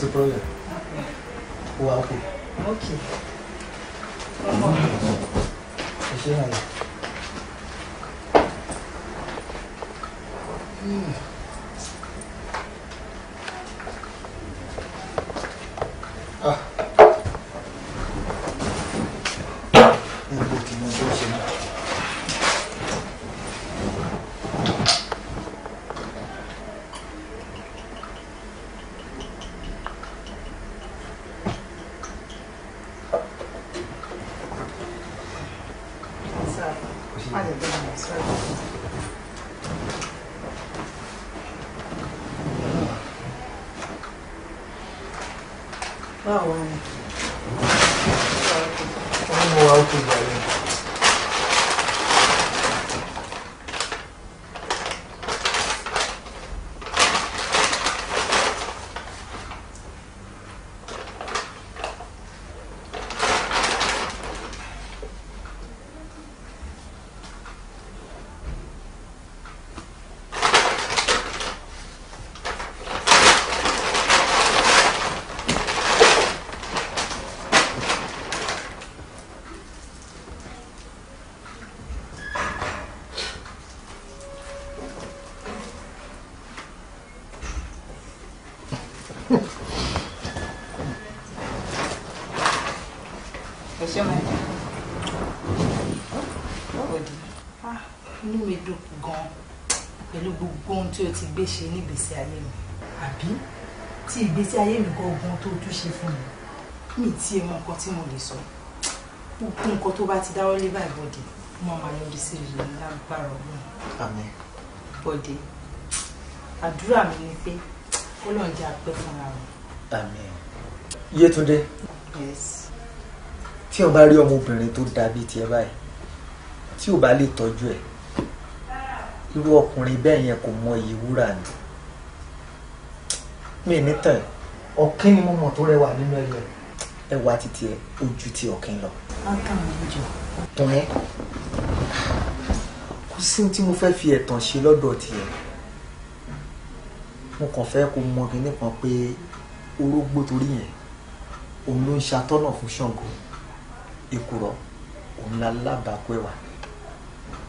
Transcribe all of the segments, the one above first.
The problem ó wà ókè. Okay. ẹ ṣe Mm. tí o ti gbé ṣe nígbèsí ayé mi àbí tí ìgbésí ayé mi gangan tó tún ṣe fún mi mi tí ẹ mọ nǹkan tí mo lè sọ gbogbo nǹkan tó bá ti dáwọ́ lé báyìí bọ́dẹ̀ mo máa yọrí sí rere lágbára ọgbọ́n àmín bọ́dẹ̀ àdúrà mi ni pé kó lọ́n jẹ́ apẹ́ fúnra mi. àmín yétúndé tí o bá rí ọmọbìnrin tó dàbí tiẹ̀ báyìí tí o bá lè tọ́jú ẹ̀ irú ọkùnrin bẹ́ẹ̀ yẹn kò mọ iye wúrà ni mi ní tàn. ọ̀kín ni mo mọ̀ tó rẹwà nínú ẹyẹ. ẹwà títí ẹ ojú ti ọ̀kín lọ. ọkàn mi jọ. tán ẹ kò sí ohun tí mo fẹ́ fi ẹ̀tàn ṣe lọ́dọ̀ tiẹ̀ mo kàn fẹ́ kó mọ kinní kan pé orógbó torí yẹn òun ló ń ṣàtọ́nà fún Ṣàngó èkùrọ́ òun la lábàápẹ́ wa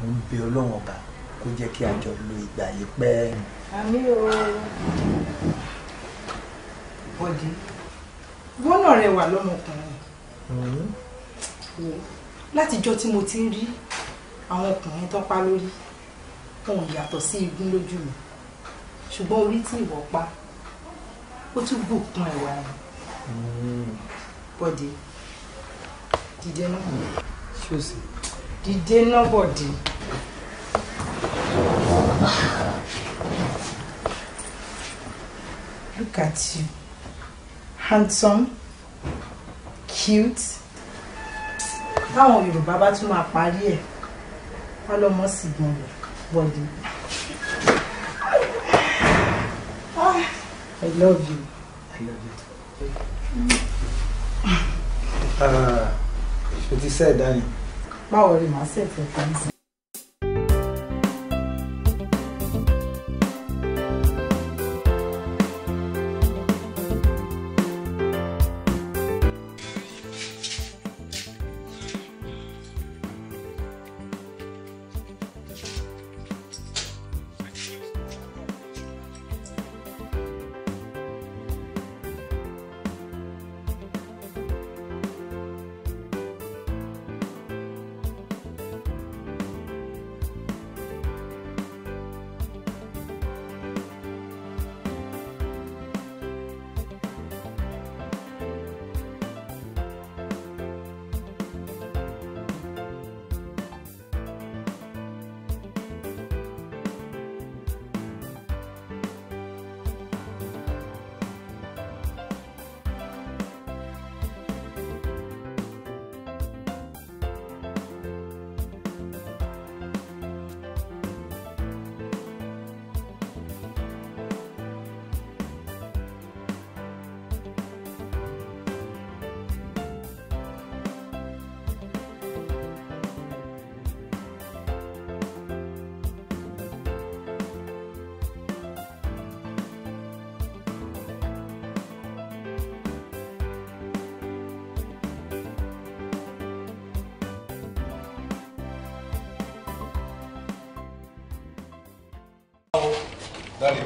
òun bẹ Ọlọ́run ọba kó jẹ́ kí a jọ lo ìgbà yìí pẹ́. àmì o bọ́dí wọ́n náà rẹwà lọ́mọkùnrin mm-hmm. látijọ́ tí mo ti ń rí àwọn ọkùnrin tó pa lórí wọn ò yàtọ̀ sí igun lójú mi ṣùgbọ́n orí tí ìwọ pa ó tún bùkún ẹ̀wà rẹ̀ mm-hmm. bọ́dí dìde náà. dìde náà bọ̀dí. Look at you. Handsome. Cute. Báwọn Yorùbá bá tún máa parí ẹ̀, wọ́n lọ́mọ sì gan I love you. I love you. Ah, ṣé o ti you dání? Danny? rí worry, my fẹ́ fún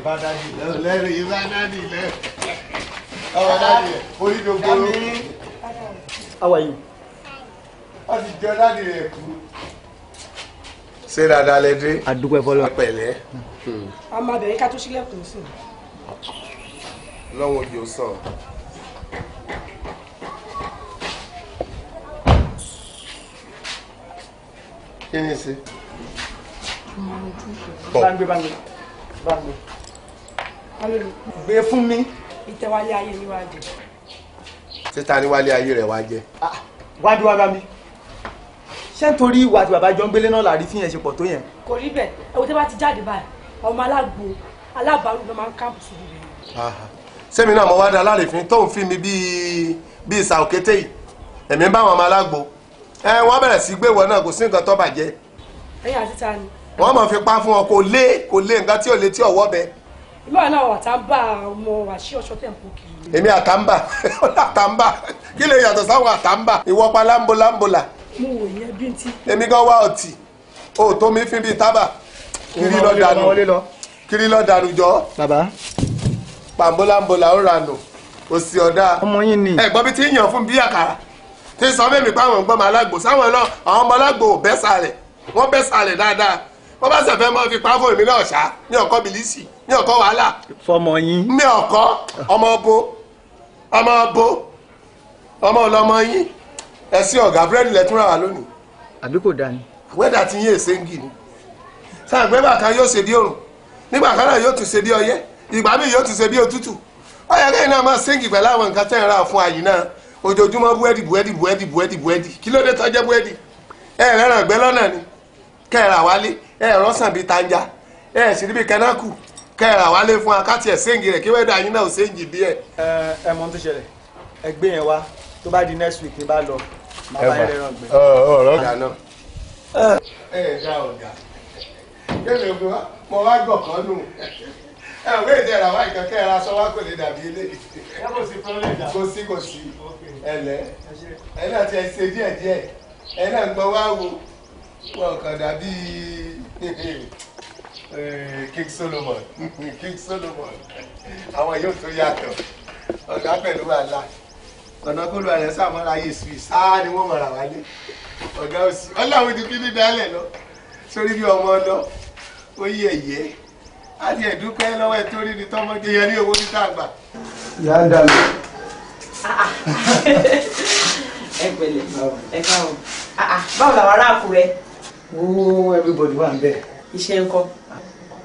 bá dáàdì lẹ́rù lẹ́rù yìí bá dáàdì lẹ́rù ọ̀rọ̀ dáàdì rẹ̀ orí dogoro. How are you? Wọ́n ti jọ dáàdì rẹ̀ kú. Ṣé dáadáa lẹ dé? Àdúgbò ẹ̀fọ́ lọ. Apẹ̀lẹ́. Ọmọbìnrin ká tó sílẹ̀kùn sí. Lọ́wọ́ òjò sọ. Kí ni ṣe? Bangbe bangbe bangbe ayé mi. gbé fún mi. ìtẹ̀wálé ayé mi wá jẹ. títa ni wálé ayé rẹ̀ wá jẹ. Ah, wádìí wá bá mi ṣé nítorí ìwà àti bàbá jọ ń gbélé náà làrí tíyẹn ṣe pọ̀ tó yẹn. kò rí bẹ́ẹ̀ ẹ̀wọ̀n tẹ́ bá ti jáde báyìí ọmọ alágbo alábàárù ló máa ń káàpù sí ibi rẹ̀. sẹ́mi náà mo wá dá alárèéfín tó ń fi mi bíi bíi ìsà òkété yìí èmi ń bá àwọn ọmọ alágbo ẹ wọ́n bẹ̀rẹ̀ sí gbé ìwọ náà kò sí nǹkan tó bàjẹ́. ẹ̀yin àti ta ni. wọ́n mọ̀ fi pa fún ọ kò lé kò lé nǹkan tí ò lè tí ọ̀wọ́ bẹ́ẹ̀ ìgbà wọn náà àtàǹbà ọmọ wàṣí ọṣọ tẹ̀ ń kó kiri. èmi àtàǹbà àtàǹbà kí lè yàtọ̀ sáwọn àtàǹbà ìwọ pa lámbolámbolà. mo wò yẹn bí n ti. èmi gan wá ọtí o tó mi fi bíi tábà kiri lọ dànù kiri lọ dànù jọ. bàbá. pàmbolámbolà ó ranù òsì ọ̀dà. ọmọ yín ni. ẹ gbọ́ bí tí ń yàn fún bí àkàrà tí sọ fẹ́mi pé àwọn ọgbọ́n mi alágbò sáwọn náà àwọn ọmọ alágbò bẹ́sàlẹ̀ wọ́n bẹ́sàlẹ̀ dáadáa wọ́n bá sẹ̀fẹ́ mọ́ fi pàfọ́ èmi náà ṣá ní ọkọ bìlísì ní ọkọ wàhálà. fọmọ yín. ní ọkọ ọmọ bo ọmọ bo ọmọ ọlọmọ yín ẹ sí ọ̀gá lẹ́tún ra wà lónìí. àbí kò dáa wẹ́dà ti yín èsè ń gì ni. sàgbẹ́ bàkan yóò ṣe bí òrùn nígbà kan náà yóò tún ṣe bí ọyẹ́ ìgbà míì yóò tún ṣe bí òtútù. ọyọ kẹ́yìn náà máa ṣéǹgì pẹ̀lú àwọn nǹkan tẹ́ ń ra fún àyè náà ojoojúmọ́ búrẹ́dì búrẹ́dì búrẹ́dì búrẹ́dì kí ló dé tọ́jẹ́ búrẹ́dì ẹ̀ rẹ́ràn gbẹ́ lọ́nà ni kẹ́ẹ̀rà wálé ẹ rọ́sàn bíi tanja ẹ sì níbi kẹnáàkù kẹ wálé fún wa ẹ̀ séǹgì rẹ kí wẹ́ẹ́ dà náà náà séǹgì díẹ̀. Ẹ̀ ẹ mọ tó ṣẹlẹ̀ ẹ gbé yẹn wá tó bá di next week n'i bá lọ bàbá ọ̀rọ̀ ọ̀gá náà. ẹ ẹ kéde mo wá nù ẹ ò wá ìkan sọ wá kò wọn kàn dàbí King Solomon King Solomon àwọn yóò tó yàtọ̀ ọ̀gá pẹ̀lú àlá ọ̀nà kólú àlẹ́ sàmọ́ra yé swiss á ni wọ́n mọ̀ra wálé ọ̀gá òsì ọ̀làwọ̀ ti fi ní dálẹ̀ lọ sórí bí ọmọ ọdọ ó yẹ yẹ á ti ẹ̀dúpẹ́ lọ́wọ́ ẹ̀ torí ni tọ́mọdé yẹn ní owó níta àgbà. ìyá ń dalẹ̀. ẹ pẹ̀lẹ́ ẹ káwọn ah, ah, báwo làwọn ará Àkúrẹ́ wo everybody wà there? bẹ̀. iṣẹ́ ń kọ́.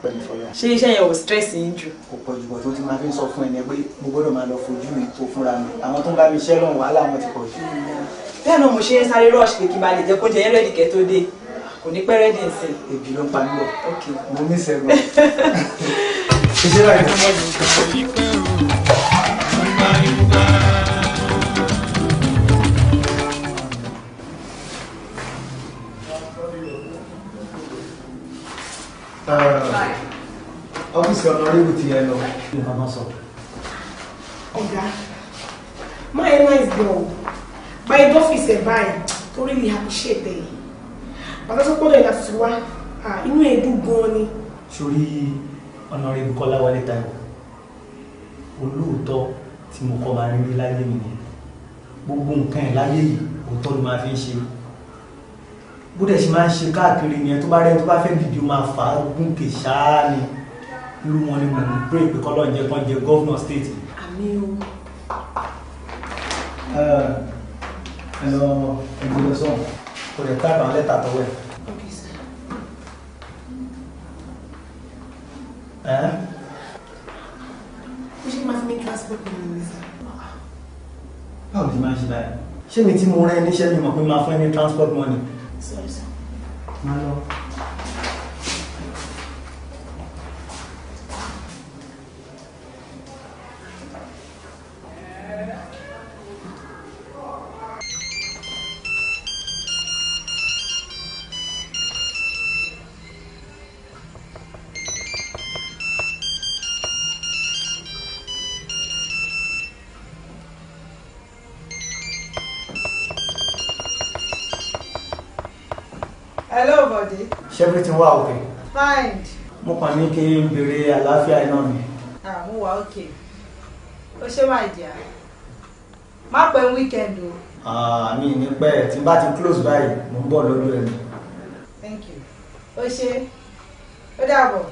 pẹ̀lú fọlọ́. ṣé iṣẹ́ yẹn ò stress yín jù. kò pọ̀ jù bọ̀ tó ti máa fi ń sọ fún ẹni pé mo gbọ́dọ̀ máa lọ fojú mi tó fúnra mi àwọn tó ń bá mi ṣẹ́ lọ́hùn wàhálà wọn ti pọ̀ jù. bẹ́ẹ̀ náà mo ṣe é sáré rush pé kí n bá lè jẹ́ kó jẹ́ yẹn kẹ́ tó dé kò ní pẹ́ rẹ́dì ń sìn. èbí ló ń pa mí bọ̀ mo ní sẹ́gun. ṣe ṣe báyìí. ọ́fíìsì ọ̀nàrẹ́bù ti yẹ lọ. màmá sọ. ọ̀gá má ẹ náà ìgbẹ́ ọ̀ bá ẹ dọ́fíìsì ẹ̀ báyìí torí mi appreciate ẹ̀ bàtà tó pọ́nlẹ̀ ìlà tuntun wá inú ẹ̀ dùn gan-an ni. sórí ọ̀nàrẹ́bù kọ́lá wálé táyọ̀ olóòótọ́ tí mo kọ́ máa rí láyé mi ni gbogbo nǹkan ẹ̀ láyé yìí òótọ́ ló máa fi ń ṣe é bó dẹ̀ ṣe máa ń ṣe káàkiri yẹn tó bá rẹ́ tó bá fẹ́ dìde ó máa fà á gúnkè ṣáá ni irú wọn ni mo ń pray pé kọ́lọ́ ń jẹ kán jẹ gọ́vnà state. àmì o. ẹ lọ ẹgbẹ́ lọ sọ̀rọ̀ kò lè tábà àwọn lẹ́tà tọwọ́ ẹ̀. ẹ́. ó ṣe máa fi mi transport ní ìlú sá. báwo ni máa ń ṣe báyìí ṣé mi tí mo rẹ́ níṣẹ́ mi mọ̀ pé máa fún ẹ ní transport money. 说一下。那走。everything wà òkè. fine. mo kàn ní kí n béèrè àlàáfíà iná mi. àmú wa òkè ó ṣe máa jà má pẹ́ weekend o. àmì ah, ní pẹ́ tí n bá ti close báyìí mo ń bọ̀ lójú ẹ̀ thank you ó ṣe ó dàbọ̀.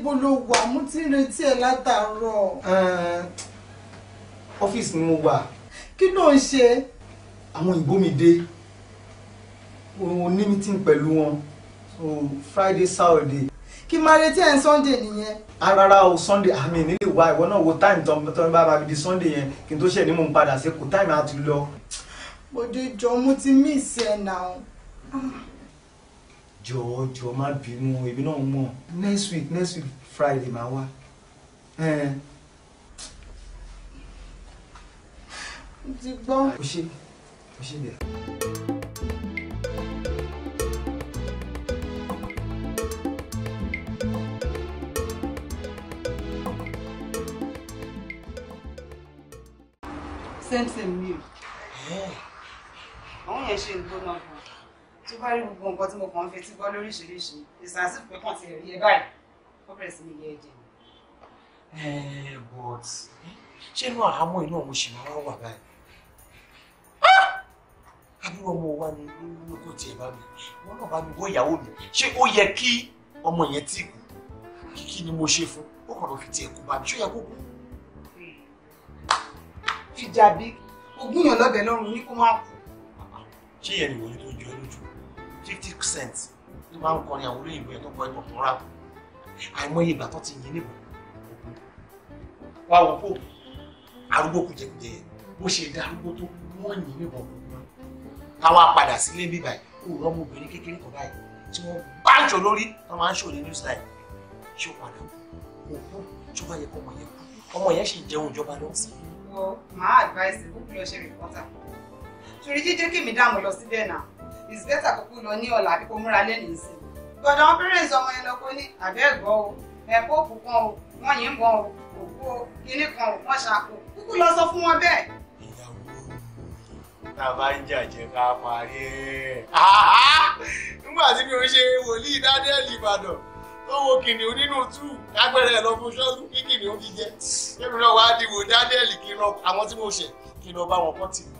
ibo ló wà mo ti ń retí ẹ látàárọ̀. Eh, ọ́fíìsì ni mo wà. kí ló ń ṣe. àwọn ìbò mi dé mo ní meeting pẹ̀lú wọn so Friday Saturday. kí máa retí ẹ̀ Sunday nìyẹn. Ah, rárá o Sunday àmì ah, nílé wa ìwọ náà wo time tó ń bá bàbí di Sunday yẹn kí n tó ṣe ní mò ń padà sí kò time àti lọ. bòde jọ mo ti miss ẹ náà jọ̀ọ́ jọ̀ọ́ má bínú èmi náà mọ̀ next week next week friday máa wá. Eh. ti gbọ́. o ṣe o ṣe bẹ̀rẹ̀. same same meal. Eh. àwọn yẹn ṣe ń gbóná tí ó bá rí gbogbo nǹkan tí mo kàn ń fetí gbọ́ lóríṣiríṣi ìsànsìn pé kàn ti rí ẹ báyìí ó bẹ̀rẹ̀ sí ní yẹ ẹ̀jẹ̀ mi. ẹ eh, but ṣé inú àhámọ́ inú ọ̀hún ṣì máa wà báyìí ah! àbúrò ọmọ wa ni lóko tiẹ̀ bá mi wọn náà bá mi wọ ìyàwó mi ṣé ó yẹ kí ọmọ yẹn tì kú kí ni mo ṣe fún ó kàn lọ fi tiẹ̀ kú bá mi ṣó yẹ kó kú. fìjà bí ogún yàn lọ́bẹ̀ lọ́rùn ní kó má kú. ṣé ìyẹn ni wòlíì fifty percent ló máa ń kọrin àwọn olóyìnbó yẹn tó kọ ẹ̀kọ́ tó rà àìmọye ìgbà tó ti yin níbọn wá wò pò arúgbó kùjẹkùjẹ yẹn bó ṣe dá arúgbó tó wọ́n yìn níbọn káwá padà sílé bíbáyìí kó rọ́mọbìnrin kékeré kan báyìí tí wọ́n bá ń ṣò lórí tó máa ń ṣò ní new style ṣó padà òkú tó bá yẹ kó ọmọ yẹn kú ọmọ yẹn sì jẹun ìjọba lọ sí. wọ́n máa advice bó kí lọ ṣe rìpọ́tà torí jíjẹ́ kí mi dáhùn lọ síbẹ̀ náà it's better kókó lọ ní ọ̀la àbí kó múra lẹ́yìn sí i gbọ̀dọ̀ wọn parents ọmọ yẹn lọ kó ní àbẹ́ ẹ̀gbọ́ o ẹ̀kọ́ òkú kan o wọ́n yìí ń bọ̀ o òkú o kinní kan o wọ́n ṣàkó kúkú lọ sọ fún wọn bẹ́ẹ̀. ìyàwó tá a bá ń jàjẹ́ ká parí ẹ̀. nígbà tí mi ò ṣe wòlíì dádẹ́ẹ̀lì ìbàdàn tó wo kìnìún nínú túù lágbẹ̀rẹ̀ ẹ̀ lọ fún ṣọ́ọ̀lù kí kìnìún fi jẹ. kí mi náà wá dìbò dádẹ́ẹ̀lì kí n lọ àwọn tí mo ṣẹ̀ kí n lọ bá wọn kọ́ tì mí.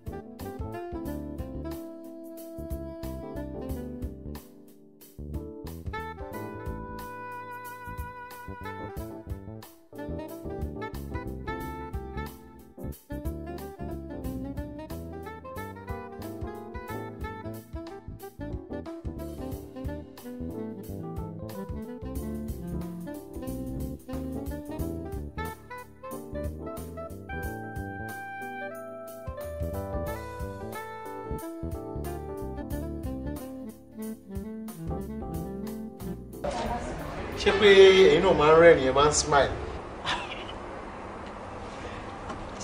jẹ́ pé ẹ̀yin náà máa ń rẹ́rìn ẹ̀ máa ń smile.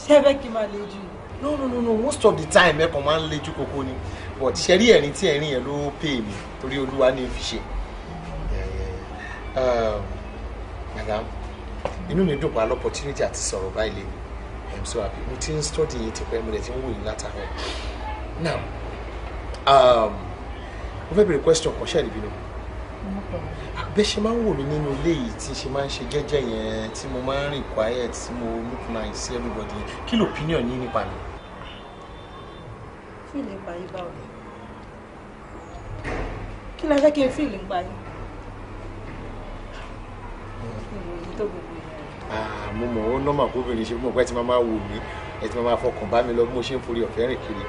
ṣẹ́fẹ́ kí n máa le jù. no no no no most of the time ẹ kàn máa ń lejú koko ni but ṣe rí ẹ̀rín tí ẹ̀rín yẹn ló pè mí torí olúwa ní fi ṣe. Um, madam inú mi dùn pa lọ opportunity àti sọ̀rọ̀ báyìí lè mi i'm so happy mo ti ń study yìí tipẹ́ mo dẹ̀ ti ń wò yín látàrọ̀ now um, mo fẹ́ bèrè question kan ṣẹ́ẹ̀lì bínú bẹ́ẹ̀ ṣe máa ń wò mí nínú ilé yìí tí ṣe máa ń ṣe jẹ́jẹ́ yẹn tí mo máa ń rìn quiet tí mo look nice sí everybody kí ló opinion yín nípa mi. fíìlì ń parí báwo kí ni a fẹ́ kí n fíìlì ń parí. mo mọ̀ ó nọ́mà kóbìnrin ṣe mọ̀ pé ẹ ti máa wò mí ẹ ti máa fọkàn bá mi lọ bí mo ṣe ń forí ọ̀fẹ́ rìn kiri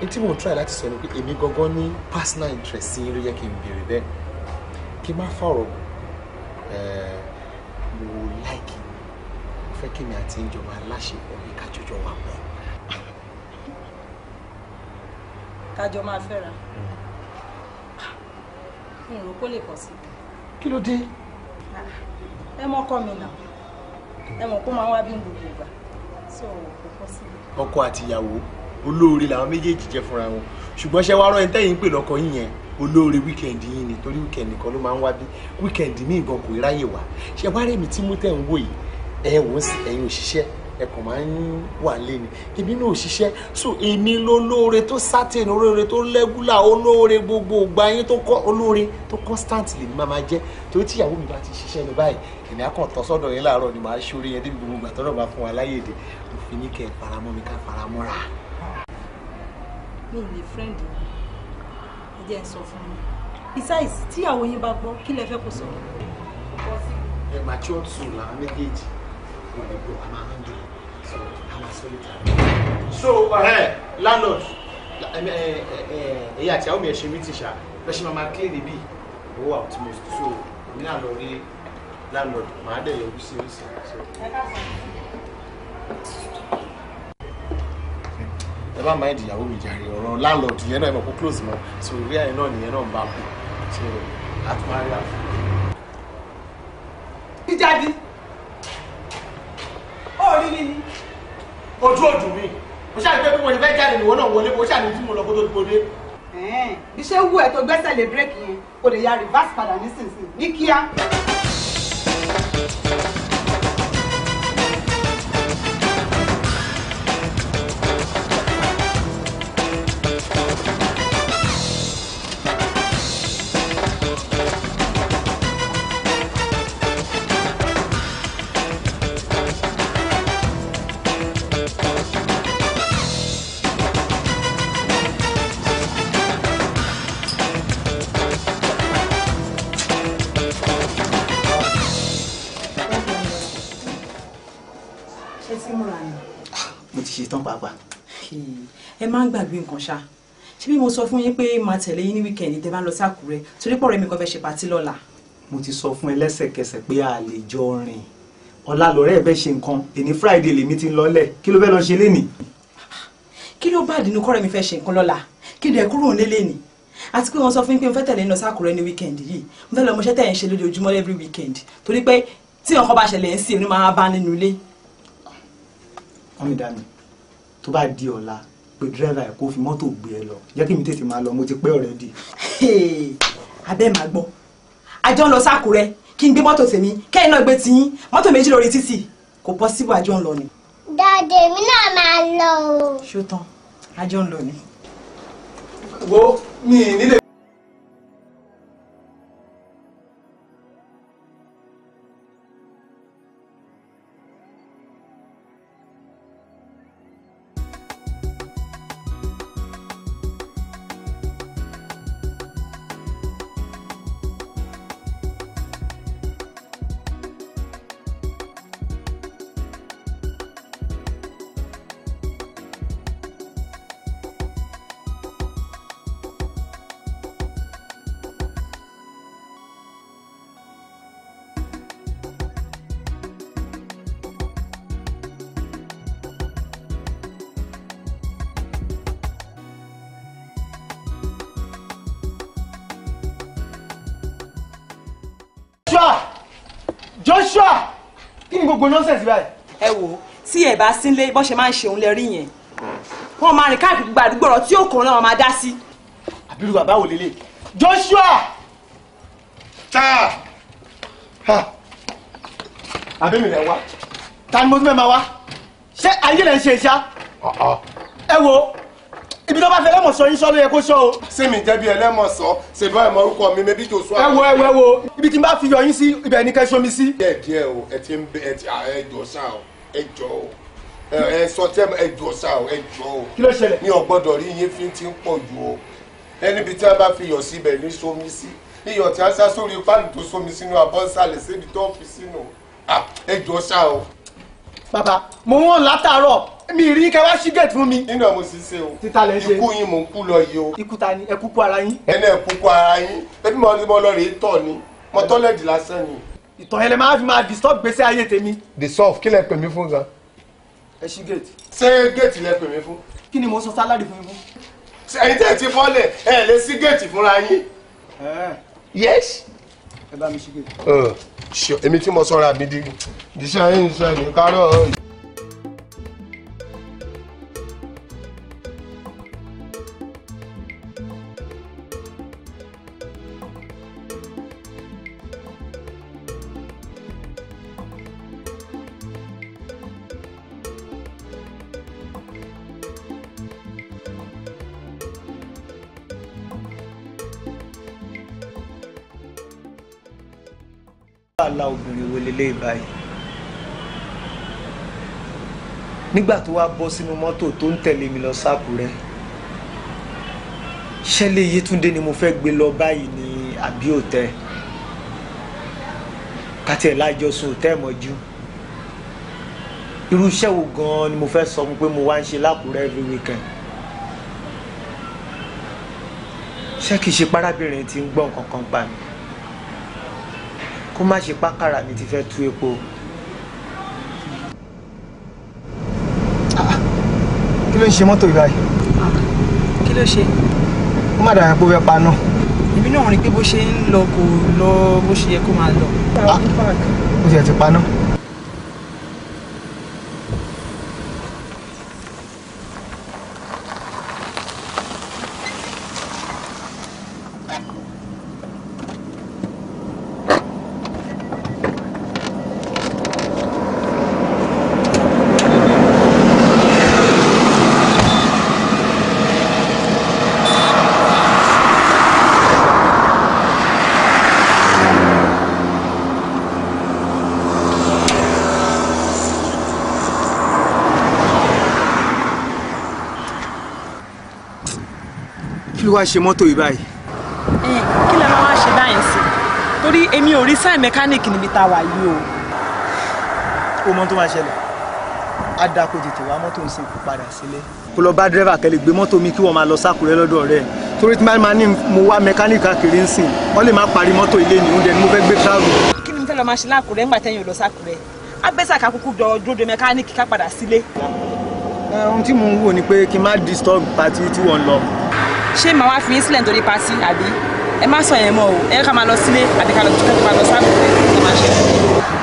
ní tí mo ń try láti sọ ni pé èmi gangan ní personal interest sí eré yẹ kí n béèrè bẹ́ẹ̀ kí n má fọ̀rọ̀ gùn mo láìkì mo fẹ́ kí mi àti ìjọba aláṣepọ̀ ní kájọjọ wà mọ́. kájọ máa fẹ́ra n hmm. rò kó lè pọ̀ sí i. kí ló dé. ẹ mọ ọkọ mi nà ẹ mọ kó máa wá bí gbogbo ìgbà so kò pọ̀ sí i. ọkọ àtìyàwó olóore làwọn méjèèjì jẹ fúnra wọn ṣùgbọ́n ṣé wàá rán ẹni tẹ́yìn ń pè lọ́kọ yín yẹn olóore weekend yìí ni torí weekend nìkan ló máa ń wá bí weekend míì gan kò ráyè wá ṣe wá rèmi tí mo tẹ̀ ń wò yìí ẹ wò ó sì ẹ̀yin òṣìṣẹ́ ẹ kàn máa ń wà lé èmi náà òṣìṣẹ́ so èmi lólóore tó sátẹ̀nì olóore tó lẹ́gúlà olóore gbogbo ìgbà yín tó kọ́ olóore tó constant lèmi máa máa jẹ́ torí tíyàwó mi bá ti ṣiṣẹ́ lọ báyìí èmi á kàn tọ́ sọ́dọ̀ yín láàárọ̀ ni màá ṣoore yẹn débi gbogbo ìgbà tọ́lọ̀ bá fún wa láyè èdè mo fi ní kẹ́ ẹ faramọ́ mi ká faramọ́ra. mi ò ní fírẹ́ǹdì mi jẹ́ sọ fún mi besides tíyàwó yín bá gbọ́ kí lẹ fẹ́ kó sọ. ẹ máa tí ó tù láwọn méjèèjì kò lè gbọ́ àmà ń dùn so àmà sọ́lítà. so eh, landlord eh, eh, ẹ̀yà àti àwọn a ẹ̀ṣẹ̀ mi ti ṣá lọ́sẹ̀ máa máa clean ibi owó optimist so èmi náà lọ rí landlord màá dẹ̀ yọjú sí oríṣiríṣi ẹ bá máa ń dìyàwó mi jàre ọ̀rọ̀ landlord yẹn náà ẹ mọ̀ kó close mọ́ so ìrí àyè náà nìyẹn náà ń bá kú so àtúmárí àfọ. ìjáde orí ni ojú ojú mi mo ṣáà ní pé bí fẹ́ jáde nìwọ náà wọlé mo ṣáà ní tí mo lọ kó tó dúró dé. bí wú ẹ tó gbẹ́sẹ̀ lé bírèkì yẹn kò lè ya reverse padà nísinsìnyí ní kíá. ẹ má ń gbàgbé nǹkan ṣá ṣé bí mo sọ fún yín pé màá tẹ̀lé yín ní wíkẹ̀ndì tẹ́ bá ń lọ sí àkúrẹ́ torí pọ̀rọ̀ mi kan fẹ́ ṣe pàtí lọ́la. mo ti sọ fún ẹ lẹ́sẹ̀kẹsẹ̀ pé a lè jọ rìn ọ̀la lọ́rẹ́ ẹ fẹ́ ṣe nǹkan èní friday lèmi ti ń lọ́lẹ̀ kí ló fẹ́ lọ ṣe lénìí. kí ló bá àdínú kọ́rẹ́ mi fẹ́ ṣe nǹkan lọ́la kí lè kúrò nílé ni àti pé wọ́n sọ fún mi pé mo fẹ́ tẹ̀lé lọ ní every weekend torí pé tí nǹkan bá ṣẹlẹ̀ ń sìn ní máa bá nínú ilé. wọ́n pé dírẹ́fà ẹ̀ kó fi mọ́tò gbé ẹ lọ jẹ́ kí mi tètè máa lọ mo ti pẹ́ ọ̀rẹ́dì. abẹ́ màá gbọ́ àjọ ń lọ sákùrẹ́ kí n gbé mọ́tò tèmi kẹ́yìn náà gbé tiyín mọ́tò méjì lórí títì kò bọ́ síbò àjọ ń lọ ni. dàdé mi náà máa lọ o. ṣó tán àjọ ń lọ ni. wo mi nílé. gbogbo nọ́ọ̀sẹ̀sì báyìí. ẹ wò tí ẹ bá sínlé bó ṣe máa ń ṣe òun lẹ rí yẹn wọn máa rìn káàkiri gbogbo àdúgbò ọ̀rọ̀ tí yóò kàn náà máa dá sí. àbírú bàbá wò lélẹ̀ Joshua ta àbẹ̀mí rẹ̀ wá ta ni mo tún fẹ́ máa wá ṣé ayé rẹ̀ ń ṣe ìṣá ẹ wo ibi tó bá fẹ́ lẹ́mọ̀ọ́sọ yín sọ ló yẹ kó sọ o. sẹ́mi jẹ́ bí ẹlẹ́mọ̀ọ́sọ ṣèbá ẹ̀mọ́ orúkọ mi mẹ́bí tó sọ. ẹ wo ẹ wo ẹ wo tí n bá fi yọ yín sí ibẹ̀ ní kẹ́sọ́ sí. díẹ̀ díẹ̀ o ẹ ti ń bẹ ẹ ti ẹ jọ sá o ẹ jọ o ẹ sọ tẹ ẹ jọ sá o ẹ jọ o. kí ló ṣẹlẹ̀. mi ò gbọ́dọ̀ rí yín fi ti ń pọ̀ jù o ẹni tí a bá fi yọ sí ní sómi sí iyọ̀ tí a sá sórí páàlì tó sómi sínú abọ́ síbi tó fi sínú ẹ jọ sá o. bàbá mo ń látàárọ̀ mi rí kẹ wá sí gate fún mi. nínú àwọn òṣìṣẹ́ o títa lè ṣe ikú yín mò ń kú lọ yìí o. ikú ta ni ẹ kúkú ara yín. ẹ náà kúkú ara yín pé mo ti mọ lọ rèé tọ̀ ni mo tọ́lẹ̀dì lásán ni. ìtàn yẹn lè máa fi máa disturb gbèsè ayé tèmi. disturb kí lẹ pè mí fún gan. ẹ ṣí gate. ṣé gate lẹ pè mí fún. kí ni mo sọ sálárì fún mi fún. ẹ̀yin tẹ̀ ti fọ́lẹ̀ ẹ lè ṣí gate fúnra yín. yes. ẹ bá mi ṣí gate. Oh, èmi tí mo sọra mi di iṣẹ́ yín iṣẹ́ mi kárọ̀ yìí. ilé ìbáyìí nígbà tó wá bọ́ sínú mọ́tò tó ń tẹ̀lé mi lọ sákùrẹ́ ṣẹlẹ̀ Yétúndé ni mo fẹ́ gbé lọ báyìí ní àbí òtẹ́ kàtí ẹ̀ lájọsùn òtẹ́ mọ́jú irú iṣẹ́ wo gan-an ni mo fẹ́ sọ pé mo wá ń ṣe lákùrẹ́ every weekend ṣé kìí ṣe parábìnrin tí ń gbọ́ nǹkan pa mi kó má ṣe pákàrà mi ti fẹ́ tú epo. kí ló ń ṣe mọ́tò yìí báyìí. kí ló ṣe. ó má dàgbà pé ó fẹ́ pa náà. èmi náà rí i pé bó ṣe ń lọ kò lọ bó ṣe yẹ kó máa lọ. Ah, ó ti ẹ̀ ti pa náà. wá ṣe mọ́tò yìí báyìí. kí lẹ máa wá ṣe báyìí sí torí èmi ò rí sáì mẹkáníìkì níbi tá a wà yìí o. ó mọ tó máa ṣẹlẹ̀ á dáa kó tètè wá mọ́tò ń sìn kó padà sílé. kó lọ bá dírẹ́fà kẹ́lẹ́ gbé mọ́tò mi kí wọ́n máa lọ sákúrẹ́ lọ́dọ̀ rẹ̀ torí tí máa ní mo wá mẹkáníìkì káàkiri ń sìn wọ́n lè má parí mọ́tò ilé ni oúnjẹ ni mo fẹ́ gbé travel. kí ni mo fẹ́ lọ máa ṣe lákùrẹ́ ńgbà tẹ́yìn ò lọ sákúrẹ́ abẹ́sà kakúkú jọ dúró de mẹkáníìkì ká ń wò ṣé màá wá fi yín sílẹ̀ nítorí pàṣí àbí ẹ má sọ yẹn mọ́ o ẹ ká máa lọ sílé àbí ká lọ jókòó ká máa ṣe é.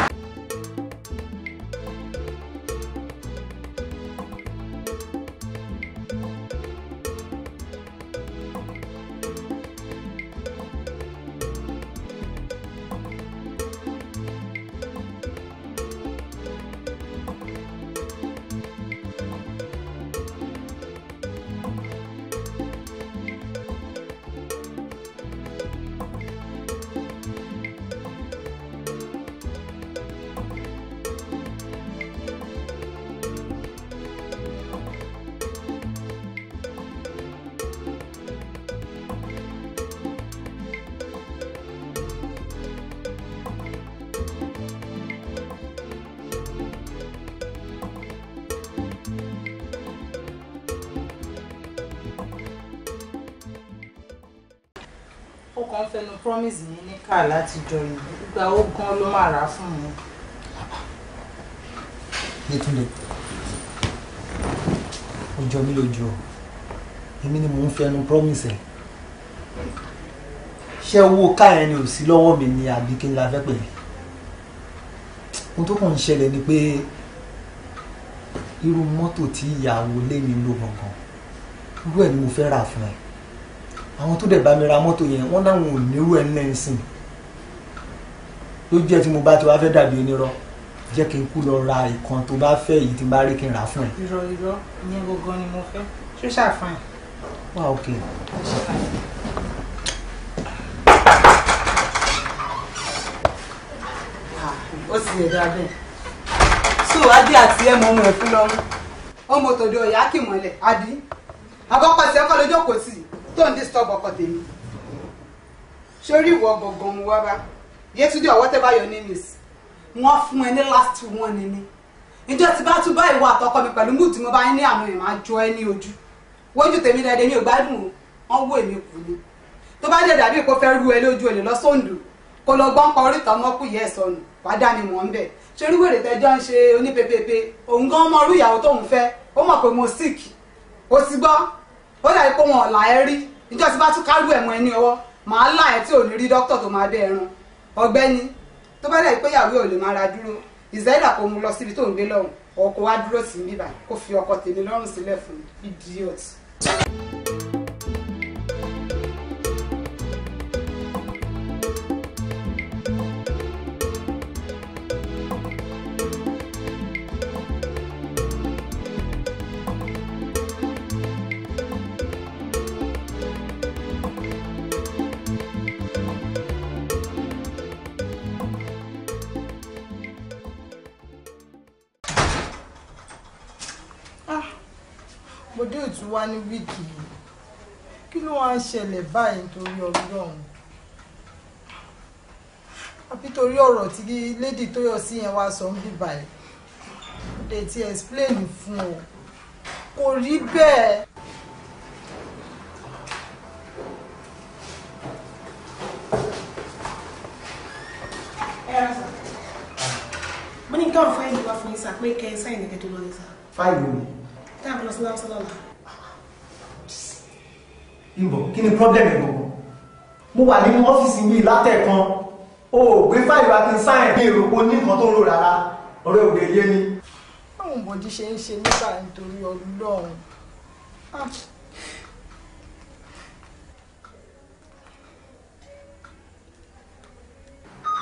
látijọ́ yìí ìgbà ó gan ló máa rà fún mi. Yétúndé ọjọ́ mi lójú ọ èmi ni mò ń fẹnu promise ẹ ṣé owó ká yẹn ni ò sí lọ́wọ́ mi ni àbí kí n la fẹ́ pè mí ohun tó kàn ń ṣẹlẹ̀ ni pé irú mọ́tò tí ìyàwó lé mi lò gangan irú ẹ̀ ni mo fẹ́ rà fún ẹ àwọn tó dẹ̀ bá mi ra mọ́tò yẹn wọ́n láwọn ò nírú ẹ̀ ń sìn ló jẹ́ tí mo bá ti wá fẹ́ dàbí onírọ́ jẹ́ kí n kú lọ ra ìkan tó bá fẹ́ èyí tí n bá rí kí n rà fún ẹ. irọ́ irọ́ ìyẹn gangan ni mo fẹ́ ṣó ṣàfihàn. wà ok. Ah, ó sì yẹ dáadé so adé àti ẹ mọ ohun ẹ fún lọ́rùn ọmọ tòde ọ̀yà kì mọ́lẹ̀ àbí abọ́pàṣẹ ọkọ lójókòó sí tó ń disturb ọkọ tèmi ṣorí ìwọ gangan mo wá bá yesterday or whatever your name is wọ́n fún ẹ ní last one ni níjọ́ tí bá tún bá ìwọ àtọkọ mi pẹ̀lú múùtì mo bá ń ní àwọn èèyàn àjọ ẹ ní ojú wójú tèmi dẹ̀dẹ̀ mi ò gbádùn o wọ́n wò èmi kù ni tó bá dẹ̀ dàbí kó fẹ́ rú ẹ lójú olè lọ sóńdò kó lọ gbọ́n kan oríta ọmọkù yẹ sọnù wàá dá mi mọ̀ ń bẹ̀ ṣorí wèrè tẹjọ́ ń ṣe onípepepe òun gan mọ orú ìyàwó tóun fẹ́ ó mọ̀ pé mo sick ó ti gbọ́ ó dàbí pé wọn ò là ẹ rí níjọ́ tí bá tún kárú ẹ̀mọ́ ẹni ọwọ́ màá là ẹ tí ò ní rí dókítà tó máa bẹ ẹran ọ̀gbẹ́ni tó bá dàbí pé ìyàwó ò lè máa ra dúró ìzẹ́dà kò mú lọ síbi tó ń gbé lọ́hùn ọkọ̀ wá dúró sí bíbá kó fi ọkọ̀ tèmi lọ́rùn sílẹ̀ fún idiot. wá ní wíìkì yìí kí ló wá ń ṣẹlẹ̀ báyìí nítorí ọlọ́run àbí torí ọ̀rọ̀ tí lady Tóyọ̀sí yẹn wá sọ ń bì báyìí lè ti explain fún ọ kò rí bẹ́ẹ̀. mo ní nǹkan fáìlì wá fún yín sá pé kẹ́ ẹ sáyìn nìkẹ́ tó lọ ní sá. fáìlì mi. táàbù lọ sí láwùsọ lọ́la ìbọ̀ kí ni problem ẹ̀ gbogbo mo wà nínú ọ́fíìsì mi látẹ̀kan o ò gbé fáìlì wa kí n sáyẹn ní tó ń rò rárá ọ̀rẹ́ òde yé mi. báwọn bòdì ṣe ń ṣe nípa nítorí ọlọ́run ah.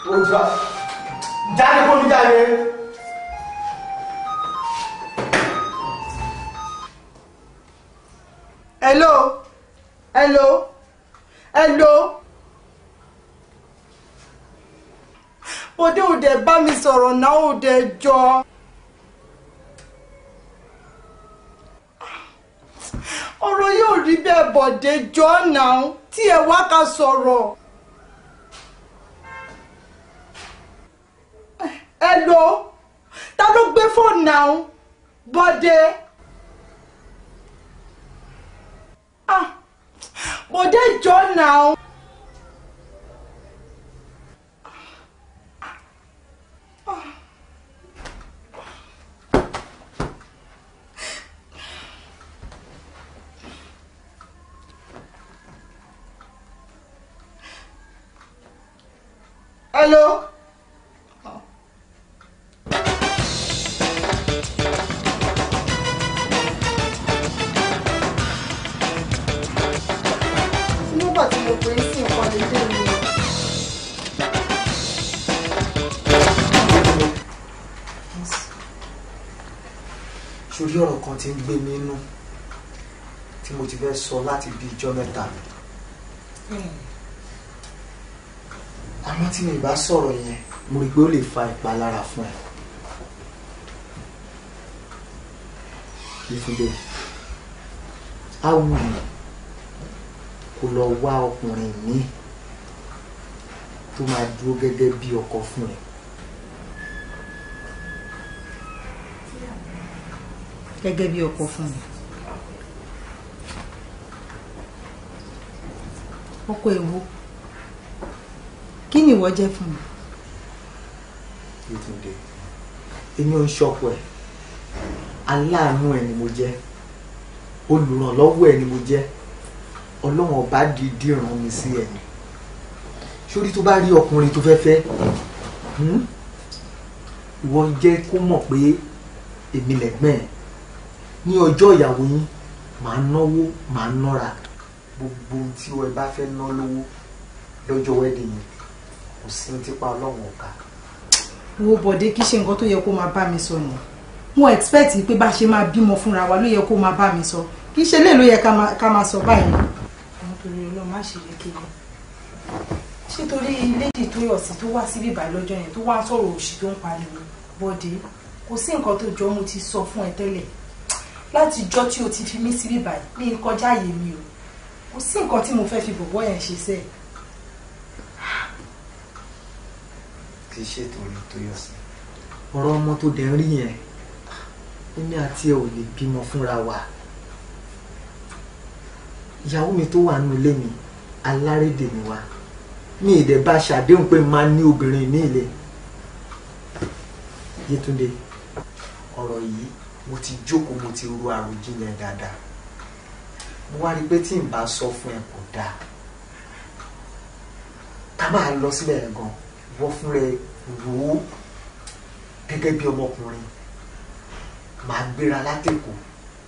ojú jáde kó mi jáde. hello. Elo, elo, Ode ode ba mi soro na ode jo. Oro yi o bode jo na ti e wa ka soro. Hello? na bode? Ah Bọ̀dé jọ náà. Hello. gbogbo yìí sì nǹkan lè dé mi. sórí ọ̀rọ̀ kan tí ń gbé mi nú tí mo ti fẹ́ sọ láti bí ijọ́ mẹ́ta àmọ́ tí mi bá sọ̀rọ̀ yẹn mo rí pé ó lè fa ìpalára fún ẹ. Ìfúnde, á kó lọ wá ọkùnrin mi tó máa dúró gẹ́gẹ́ ọkọ fún ẹ. gẹ́gẹ́ bí ọkọ fún mi. ọkọ èwo kí ni ìwọ jẹ́ fún mi. Yétúndé ẹ aláàánú ni mo jẹ́ olùrànlọ́wọ́ ẹ ni mo jẹ́. ọlọ́run ọba dídí ràn mí sí ẹ̀ sórí tó bá rí ọkùnrin tó fẹ́ fẹ́ hmm, ìwọ jẹ́ kó mọ̀ pé èmi lẹ́gbẹ́ ẹ̀ ní ọjọ́ ìyàwó yín màá náwó màá nọ́ra gbogbo tí ẹ bá fẹ́ ná lówó lọ́jọ́ wẹ́dì yẹn kò sí tipa ọlọ́run ọ̀ka. wo bọ̀dé kí ṣe nǹkan tó yẹ kó máa bá mi sọ nù mo expect pé bá ṣe máa bímọ fúnra wa ló yẹ kó máa bá mi sọ kì í ṣe lè ló yẹ ká máa sọ báyìí torí ọlọ́run má ṣe lè kéde sítorí lady Tóyọ̀sí tó wá síbí ìbàdàn lọ́jọ́ yẹn tó wá sọ̀rọ̀ òṣì tó ń pariwo bọ́dé kò sí nǹkan tó jọ mo ti sọ fún ẹ tẹ́lẹ̀ láti jọ́ tí o ti fi mí síbí ìbàdàn ní kọjá àyè mi o kò sí nǹkan tí mo fẹ́ fi bọ̀bọ́ yẹn ṣe sẹ́ẹ̀. ti ṣètò orí Tóyọ̀sí ọ̀rọ̀ ọmọ tó dẹ̀ ń rí yẹn èmi àti ẹ ò lè bímọ fúnra wa ìyàwó mi tó wà nínú ilé mi alárédè mi wá mi ì dẹ̀ bá ṣàdéhùn pé máa ní obìnrin ní ilé Yétúndé ọ̀rọ̀ yìí mo ti jókòó mo ti ro àròjinlẹ̀ dáadáa mo wá rí i pé tí n bá sọ fún ẹ kò dáa ká máa lọ sílẹ̀ gan wọ́n fún rẹ wò ó gẹ́gẹ́ bí ọmọkùnrin màá gbéra látẹ̀kọ́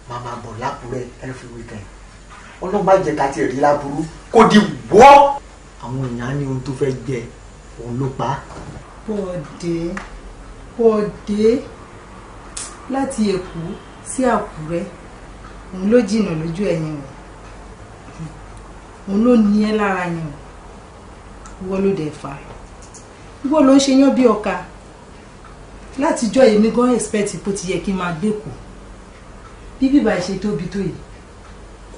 màá máa bọ̀ lákùrẹ́ every weekend ọlọ́run má jẹ́ ká tiẹ̀ rí láburú kó di wọ́. àwọn èèyàn ní ohun tó fẹ́ jẹ òun ló pa á. bọ́ọ̀dé bọ́ọ̀dé láti èkó sí àkúrẹ́ òun ló jìnnà lójú ẹ̀yìn o òun ló ní ẹ́ lára yẹn o ìwọ ló dẹ̀ fà á ìwọ ló ń ṣe yán bí ọkà látijọ́ èmi gan expect bó ti yẹ kí n máa gbé kù bí bíbá ìṣe tóbi tó yìí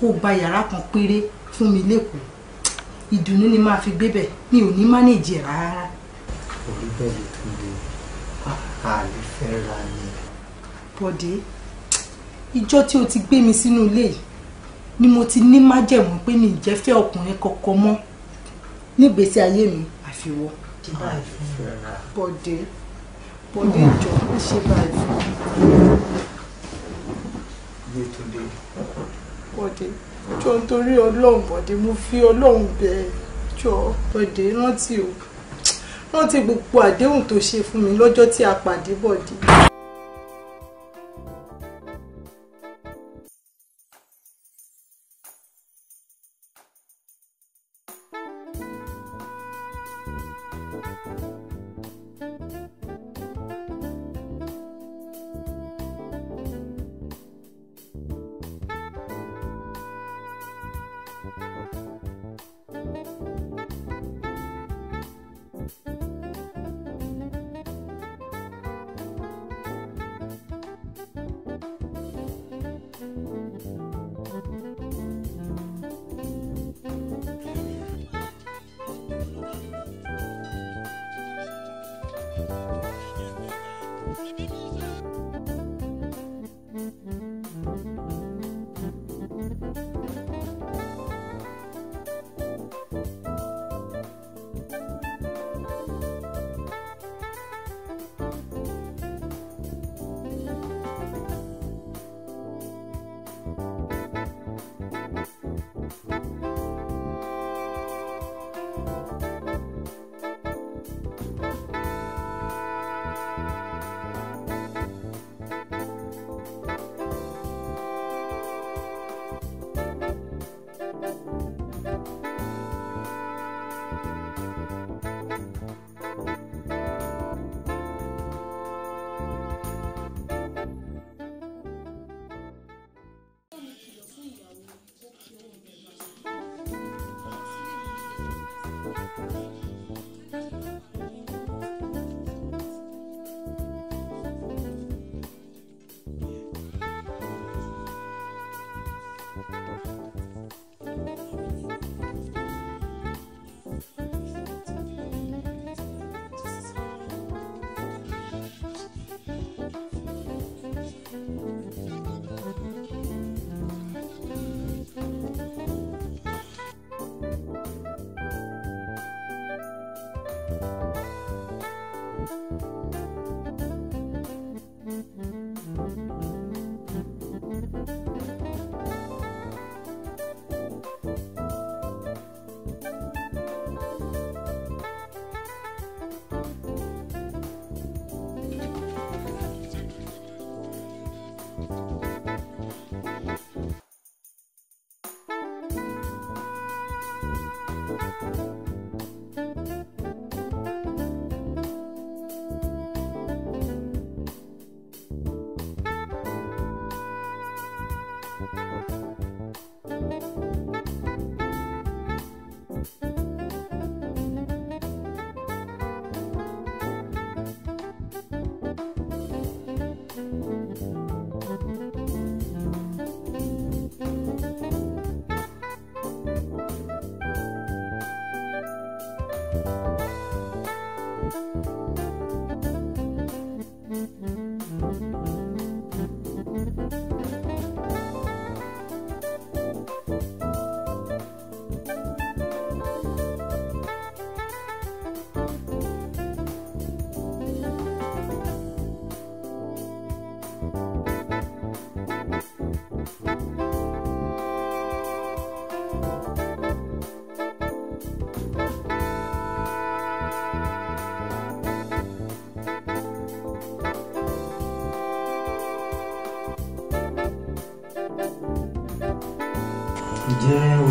kó gba yàrá kan péré fún mi lẹ́kọ̀ọ́ ìdùnnú ni máa fi gbébẹ̀ mi ò ní mánéèjì ẹ̀ rárá. orí bẹ́ẹ̀ ló tún lè fẹ́ ra ni. bọ́dé ìjọ tí o ti gbé mi sínú ilé yìí ni mo ti ní májẹ̀mú pé mi ì jẹ́ fẹ́ ọkùnrin kankan mọ́ nígbésí ayé mi àfiwọ́. bọ́dé bọ́dé ìjọ ń ṣe báyìí. yétúndé Bọ̀dé jọ nítorí Ọlọ́run Bọ̀dé mo fi Ọlọ́run bẹ jọ Bọ̀dé rántí o rántí gbogbo àdéhùn tó ṣe fún mi lọ́jọ́ tí a pàdé Bọ̀dé.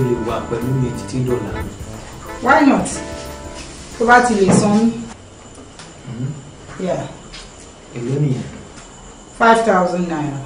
lè wà pẹ̀lú mi títí dọ̀là. why not tó bá ti lè san mí. Hmm? èló nìyẹn. five thousand naira.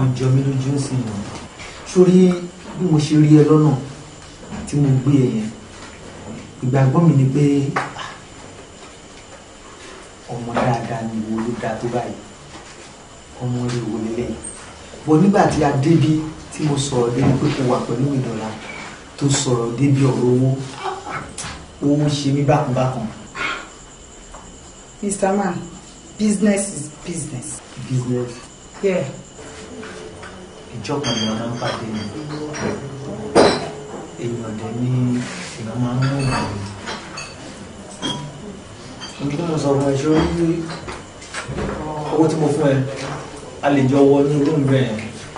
kan jọ lójú sí i sórí bí mo ṣe rí ẹ lọ́nà tí mo gbé ẹ yẹn ìgbàgbọ́ mi ni pé ah, ọmọ dáadáa ni wo ló dáa tó báyìí ọmọ rẹ wò lélẹ̀ bọ̀ nígbà tí a débi tí mo sọ̀rọ̀ débi pé kò wà pẹ̀lú mi tó sọ̀rọ̀ débi ọ̀rọ̀ owó owó ṣe mí bákanbákan. Mr. Man business is business. business. yeah ìjọ kan ni wọn máa ń pàdé mi èèyàn dẹ ni èèyàn máa ń mú ìwà mi nígbà mo sọ fún ẹ ṣé ó ní owó tí mo fún ẹ a lè jọ wọ ní rúùmù rẹ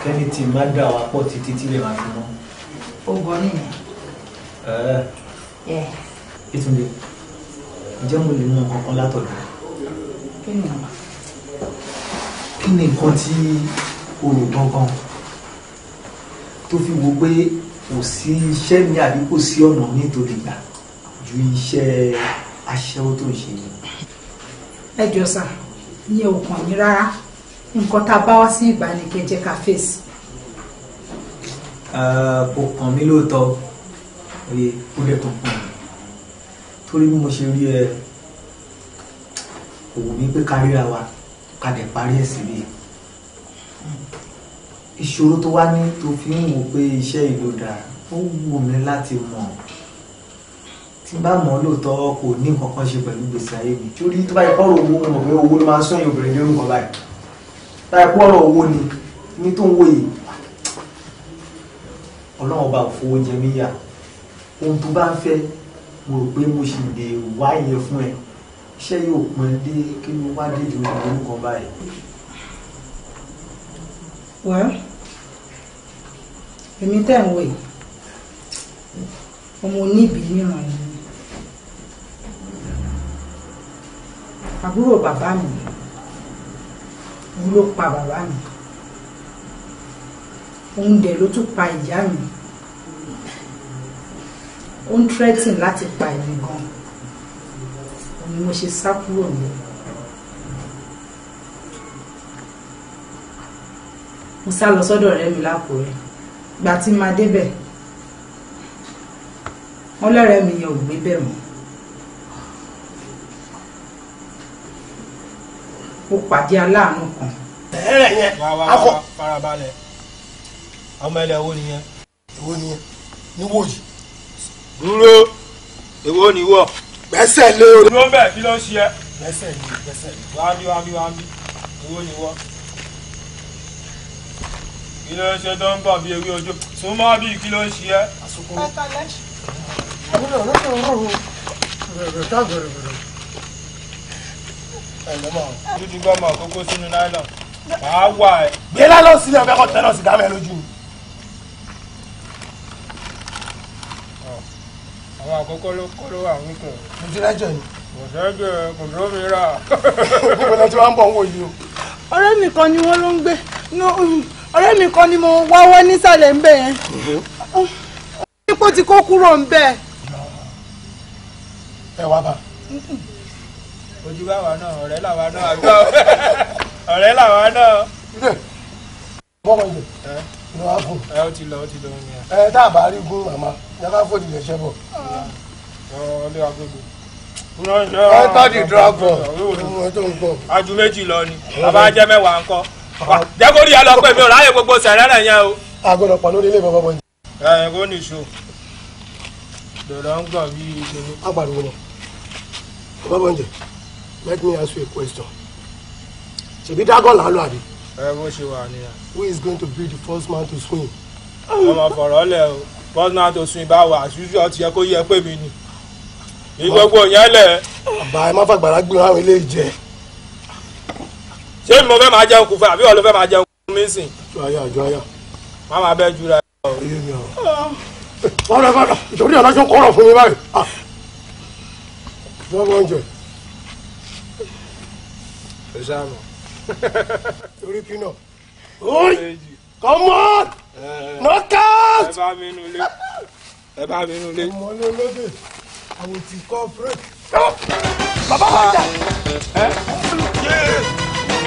kẹ́ni tí má dà wá pọ̀ títí tí lè máa fi mọ́. ó gbọ́ nìyẹn. ẹ ìtúndé ǹjẹ́ mo lè mú nǹkan kan látọ̀dọ̀. kí ni nǹkan tí o rò tó fi wo pé kò sí iṣẹ́ mi àbí kò sí ọ̀nà nítorí gbà ju iṣẹ́ aṣẹ́wó tó ń ṣe ni. ẹ jọ sà ìyẹn ò kàn mí rárá nǹkan tá a bá wá sí ìbánikẹjẹ ká fèsì. kò kàn mí lóòótọ́ oye kó dẹ̀ tó kàn mí torí bí mo ṣe rí ẹ kò wù mí pé ká ríra wa ká dẹ̀ parí ẹ̀ síbí ìṣòro tó wá ní tó fi ń wò pé iṣẹ́ ìlú dà ó wù mí láti mọ̀ tí bá mọ̀ lóòótọ́ kò ní kankan ṣe pẹ̀lú gbèsè ayé mi torí tó bá yẹ kọ́rọ̀ owó mo mọ̀ pé owó ló máa ń sọ́yìn obìnrin lórí nǹkan báyìí láì kọ́rọ̀ owó ni ní tó ń wò yìí ọlọ́run ọba òfowó jẹ mí yá ohun tó bá ń fẹ́ mo rò pé mo sì lè wá ìyẹn fún ẹ iṣẹ́ yóò pin dé kí mo wá dé ìdúró lórí nǹkan báyìí wẹ́ẹ́ èmi tẹ̀ ń wò yìí ọmọ oníbìí níran yìí àbúrò bàbá mi òun ló pa bàbá mi òun dẹ̀ ló tún pa ìyá mi ó ń tírẹ́tìn láti pa èmi gan mo ṣe mo sá lọ sọ́dọ̀ rẹ̀ mi lákòrẹ́ ìgbà tí máa débẹ̀ wọ́n lọ́rẹ́ mi yẹn ò bẹ̀ mọ́ ó pàdé aláàánú kan. ẹrẹ yẹn akọ farabalẹ̀ ọmọ ẹlẹ owó nìyẹn owó nìyẹn níwò yìí. dúró èwo ni wọ. gbẹ́sẹ̀ lé o. dúró bẹ́ẹ̀ kí ló ń ṣe ẹ́. gbẹ́sẹ̀ lé gbẹ́sẹ̀ lé wàá bí wàá bí wàá bí owó ni wọ kí ló ń ṣe tó ń gbọ̀n bí ewé ojú súnmọ́ bí kí ló ń ṣe ẹ́. dúdú gbọ́mọ kókó sínú nylon màá wà ẹ́. gbé lálọ́ sílẹ̀ ọ̀bẹ kọ́ tẹ́lọ̀ sí dámẹ́ lójú mi. àwọn àkókò ló kọ́ ló wà wípé. mo ti rẹ́jọ ni. mo rẹ́jọ kò ló mi rà. gbogbo ẹ̀ tí wọ́n ń bọ̀ ń wò yìí o. ọ̀rẹ́ mi kan ni wọ́n ló ń gbé. Um, ọ̀rẹ́ mi kan ni mo wáwọ́ nísàlẹ̀ ń bẹ̀ yẹn ipò tí kò kúrò ń bẹ̀. ẹ wá bá. ojú báwa náà ọ̀rẹ́ làwa náà àgbà ọ̀rẹ́ làwa náà. bọ́mọ ìjẹ ló wá fún. ẹ ó ti lọ ó ti lọ ní ẹ. ẹ tá a bá rí gún màmá yẹ ká fòdì lè ṣẹ́ bọ̀. ọlẹ́ agogo ẹ tọ́ di dragon ọdún tó ń bọ̀. aju méjì lọ ni àbájẹ́ mẹ́wàá ńkọ́ jẹ́ kó mi ò ráyè gbogbo sẹ̀rẹ́rẹ́ yẹn o. àgọ́dọ̀ pọ̀ lórí ilé ìbọn bọ́ọ̀jì. ẹ kó ní iṣu dọ̀dọ̀ ń gbà bí ìṣẹ̀lẹ̀. apàdùn wọn bọ́ọ̀jì let me ask you a question ṣèbí dagon là ń ẹ bó ṣe wà nìyà. who is going to be the first man to swim. ọmọ fọ̀rọ̀ lẹ̀ o first man to swim bá wà ọtí ẹ kó yẹ pé mi ni. ní yẹn lẹ̀. àbá ẹ má fàgbàrá gbìyànjú àwọn eléyìí jẹ ṣé mo fẹ́ máa jẹun kù fún àbí wọ́n máa jẹun kù mí sìn. jọ aya jọ aya. má máa bẹ jura. wọ́n lọ fọ́nà ìtòrí ọlọ́jọ́ kọ́rọ̀ fún mi báyìí. wọ́n mọ̀ ń ẹ ṣáà torí kí náà. oyi come on eh. knock out. ẹ bá mi nu ẹ bá mi nu ọmọ olóde àwọn ti kọ́ break. bàbá wa ah. jà. Eh?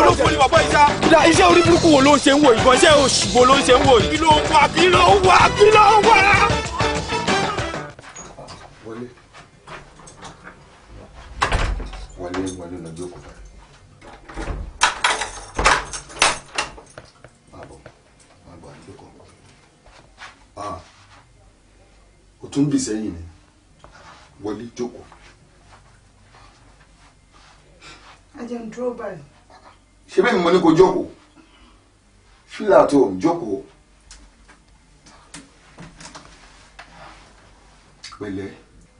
olóko ni bàbá ìjà. ìdá iṣẹ́ orí burúkú wo ló ń ṣe ń wò yìí kan iṣẹ́ òṣì wo ló ń ṣe ń wò yìí. kí ló ń wá kí ló ń wá kí ló ń wá. wọlé wọlé wọlé lọ jókòó bá rẹ. bàbá bàbá jókòó. o tún bì sẹ́yìn ni wọlé jókòó. ajẹ́ ń dúró báyìí ṣé bẹ́ẹ̀ ni ní kó jókòó feel at home jókòó pẹ̀lẹ́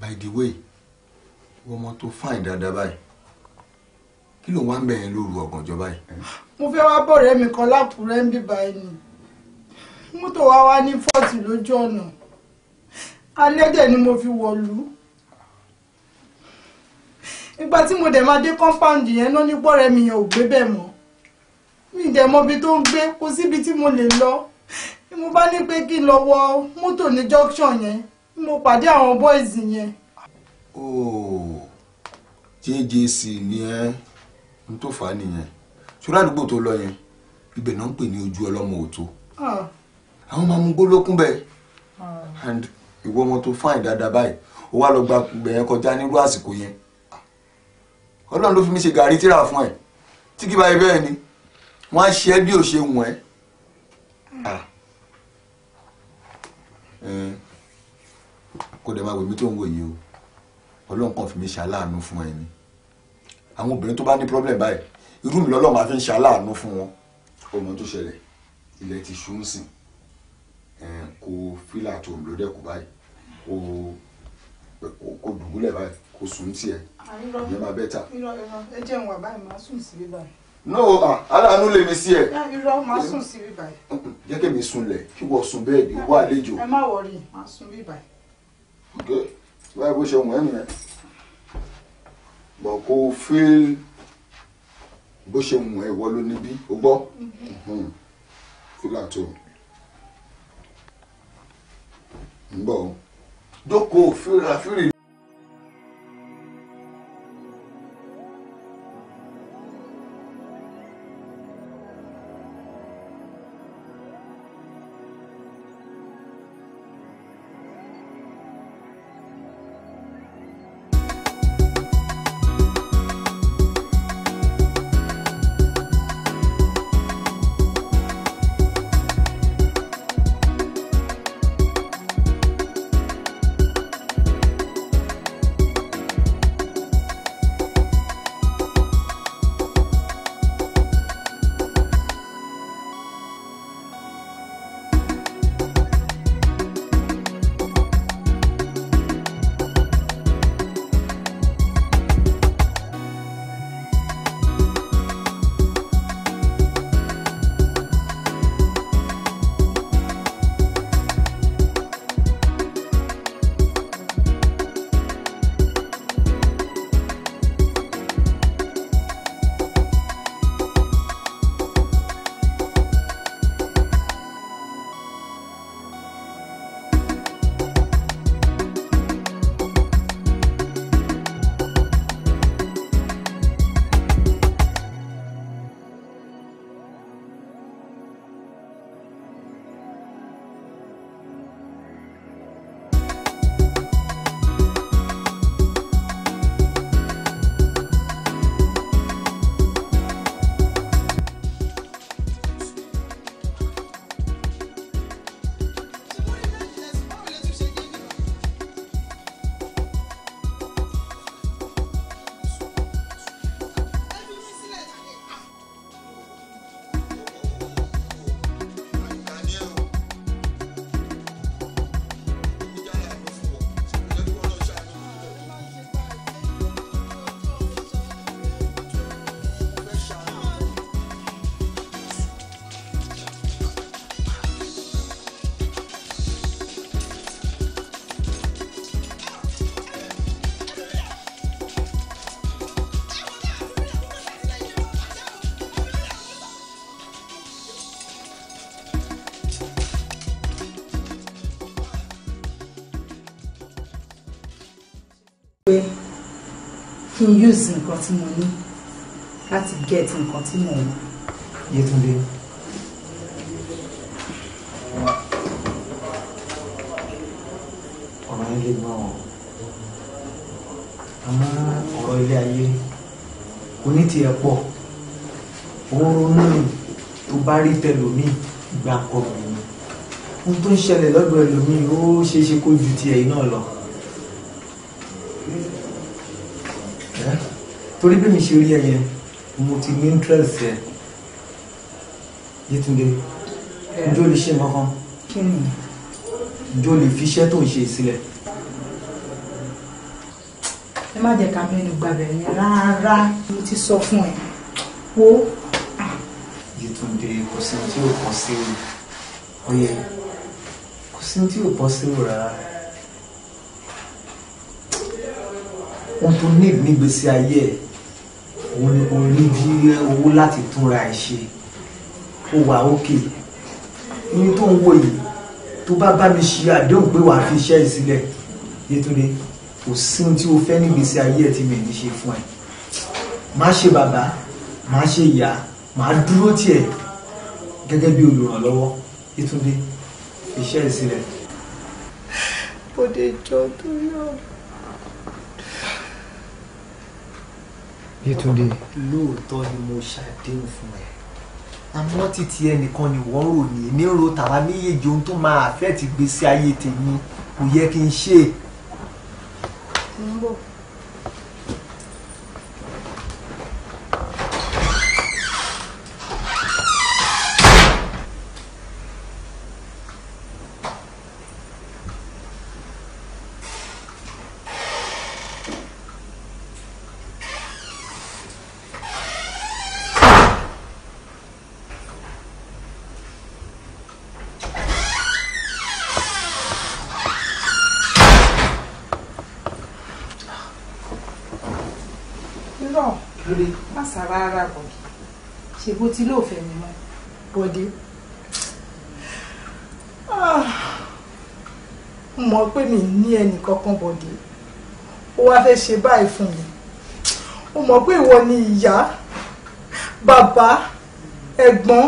by the way ọmọ tó fáìn dáadáa báyìí kí ló wá ń bẹ̀yẹn lóru ọ̀gànjọ́ báyìí. mo fẹ́ wá bọ̀rẹ̀ mi kan lákùúrẹ́ ń bí báyìí ni mọ́tò wa wá ní fọ́ọ̀tì lójú ọ̀nà alẹ́ dẹ̀ ni mo fi wọ̀lú ìgbà tí mo dẹ̀ máa dé kọ́ńpáǹdì yẹn náà ní bọ̀rẹ̀ mi yẹn ò gbé bẹ́ẹ̀ mọ́ mi dẹ̀ mọ ibi tó ń gbé kò síbi tí mo lè lọ mo bá ní pé kí n lọ wọ mọ́tò ní junction yẹn mo pàdé àwọn boys yẹn. ooo jjc ni ẹ n tó fà á nìyẹn ṣùgbọ́n àdúgbò tó lọ yẹn ibẹ̀ náà ń pè ní ojú ọlọ́mọ òtó ah. àwọn máa mú gbólókùn bẹ́ẹ̀ ah. and ìwọ ọmọ tó fáìn dáadáa báyìí ó wá lọ gba gbẹ̀yẹn kọjá nírú àsìkò yẹn ọlọ́run ló fi mí ṣe gàrí tíra fún ẹ tí kì bá yẹ ni wọ́n á ṣe ẹ́ bí ò ṣe wọ̀n ẹ́ kó dẹ̀ máa wò mí tó ń wò yìí o ọlọ́run kan fi mi ṣàláàánú fún ẹ ni àwọn obìnrin tó bá ní problem báyìí irú mi lọ́lọ́run máa fi ń ṣàláàánú fún wọn ọmọ tó ṣẹlẹ̀ ilẹ̀ ti ṣú ń sìn eh, kó fílà tó ń lò dẹ́kun báyìí kó kó dùbúlẹ̀ báyìí kó sùn tiẹ̀ ah, ìyẹn máa bẹ́tà. ẹ jẹun wà báyìí máa sùn síbí báyìí no aláàánú ah, lè mi sí ẹ. Ah, irọ́ máa sùn sí bíbá yìí. jẹ́ kí mi sunlẹ̀ kí wọ́n sun bẹ́ẹ̀ di wá àlejò. ẹ má wọrí máa sun bíbá yìí. ok báyìí bó ṣe wọ̀n ẹ́ nìyẹn bọ̀ kó o feel bó ṣe wọ̀n ẹ́ wọ́ ló níbí o gbọ́ fúlàtò ń bọ̀ dókòó fúlàfúlì. kí n use nǹkan tí mo ní láti get nǹkan tí mo wà. Yétúndé. ọ̀rọ̀ ilé náà àmọ́ ọ̀rọ̀ ilé ayé onítìẹ̀ pọ̀ òun ronú tó bá rí tẹlòmíì ìgbà kọ̀ọ̀kan ohun tó ń ṣẹlẹ̀ lọ́dọ̀ ẹlòmíì ó ṣeé ṣe kó ju tiẹ̀ náà lọ. torí bí mi ṣe rí ẹyẹ mo ti ní interest ẹ Yétúndé njó lè ṣe nǹkan kan njó lè fi iṣẹ́ tó ń ṣe sílẹ̀. ẹ má jẹ́ ká mẹ́nu gbàgbẹ́ yẹn rárá mo ti sọ fún ẹ wo. Yétúndé kò sí ohun tí yóò pọ̀ sí i ọyẹ kò sí ohun tí yóò pọ̀ sí i rárá. ohun tó ní ìgbésí ayé ẹ̀ òun ni orí jí owó láti túnra ẹ̀ ṣe ó wà ókè ní tó ń wò yìí tó bá bá mi ṣe àdéhùn pé wàá fi iṣẹ́ ìsílẹ̀ Yétúndé kò sí ohun tí o fẹ́ nígbèsí ayé ẹ̀ tí mi ní ṣe fún ẹ má ṣe bàbá má ṣe ìyá má dúró tiẹ̀ gẹ́gẹ́ bí olùrànlọ́wọ́ Yétúndé iṣẹ́ ìsílẹ̀. bòde jọ tó yọ̀. Yétúndé. lóòótọ́ ni mo ṣàdéhùn fún ẹ àmọ́ títí ẹnìkan ni wọ́n rò ní èmi ń ro tàwa méjèèjì ohun tó máa àfẹ́ẹ̀tì gbèsè ayé tèmi kò yẹ kí n ṣe. ń bọ̀. sá rárá bọ̀dé ṣe bó ti lóòfẹ́ mi mọ́ bọ̀dé. Ah, mọ̀ pé mi ní ẹnì kankan bọ̀dé ó wá fẹ́ ṣe báyìí fún mi ó mọ̀ pé ìwọ ni ìyá bàbá ẹ̀gbọ́n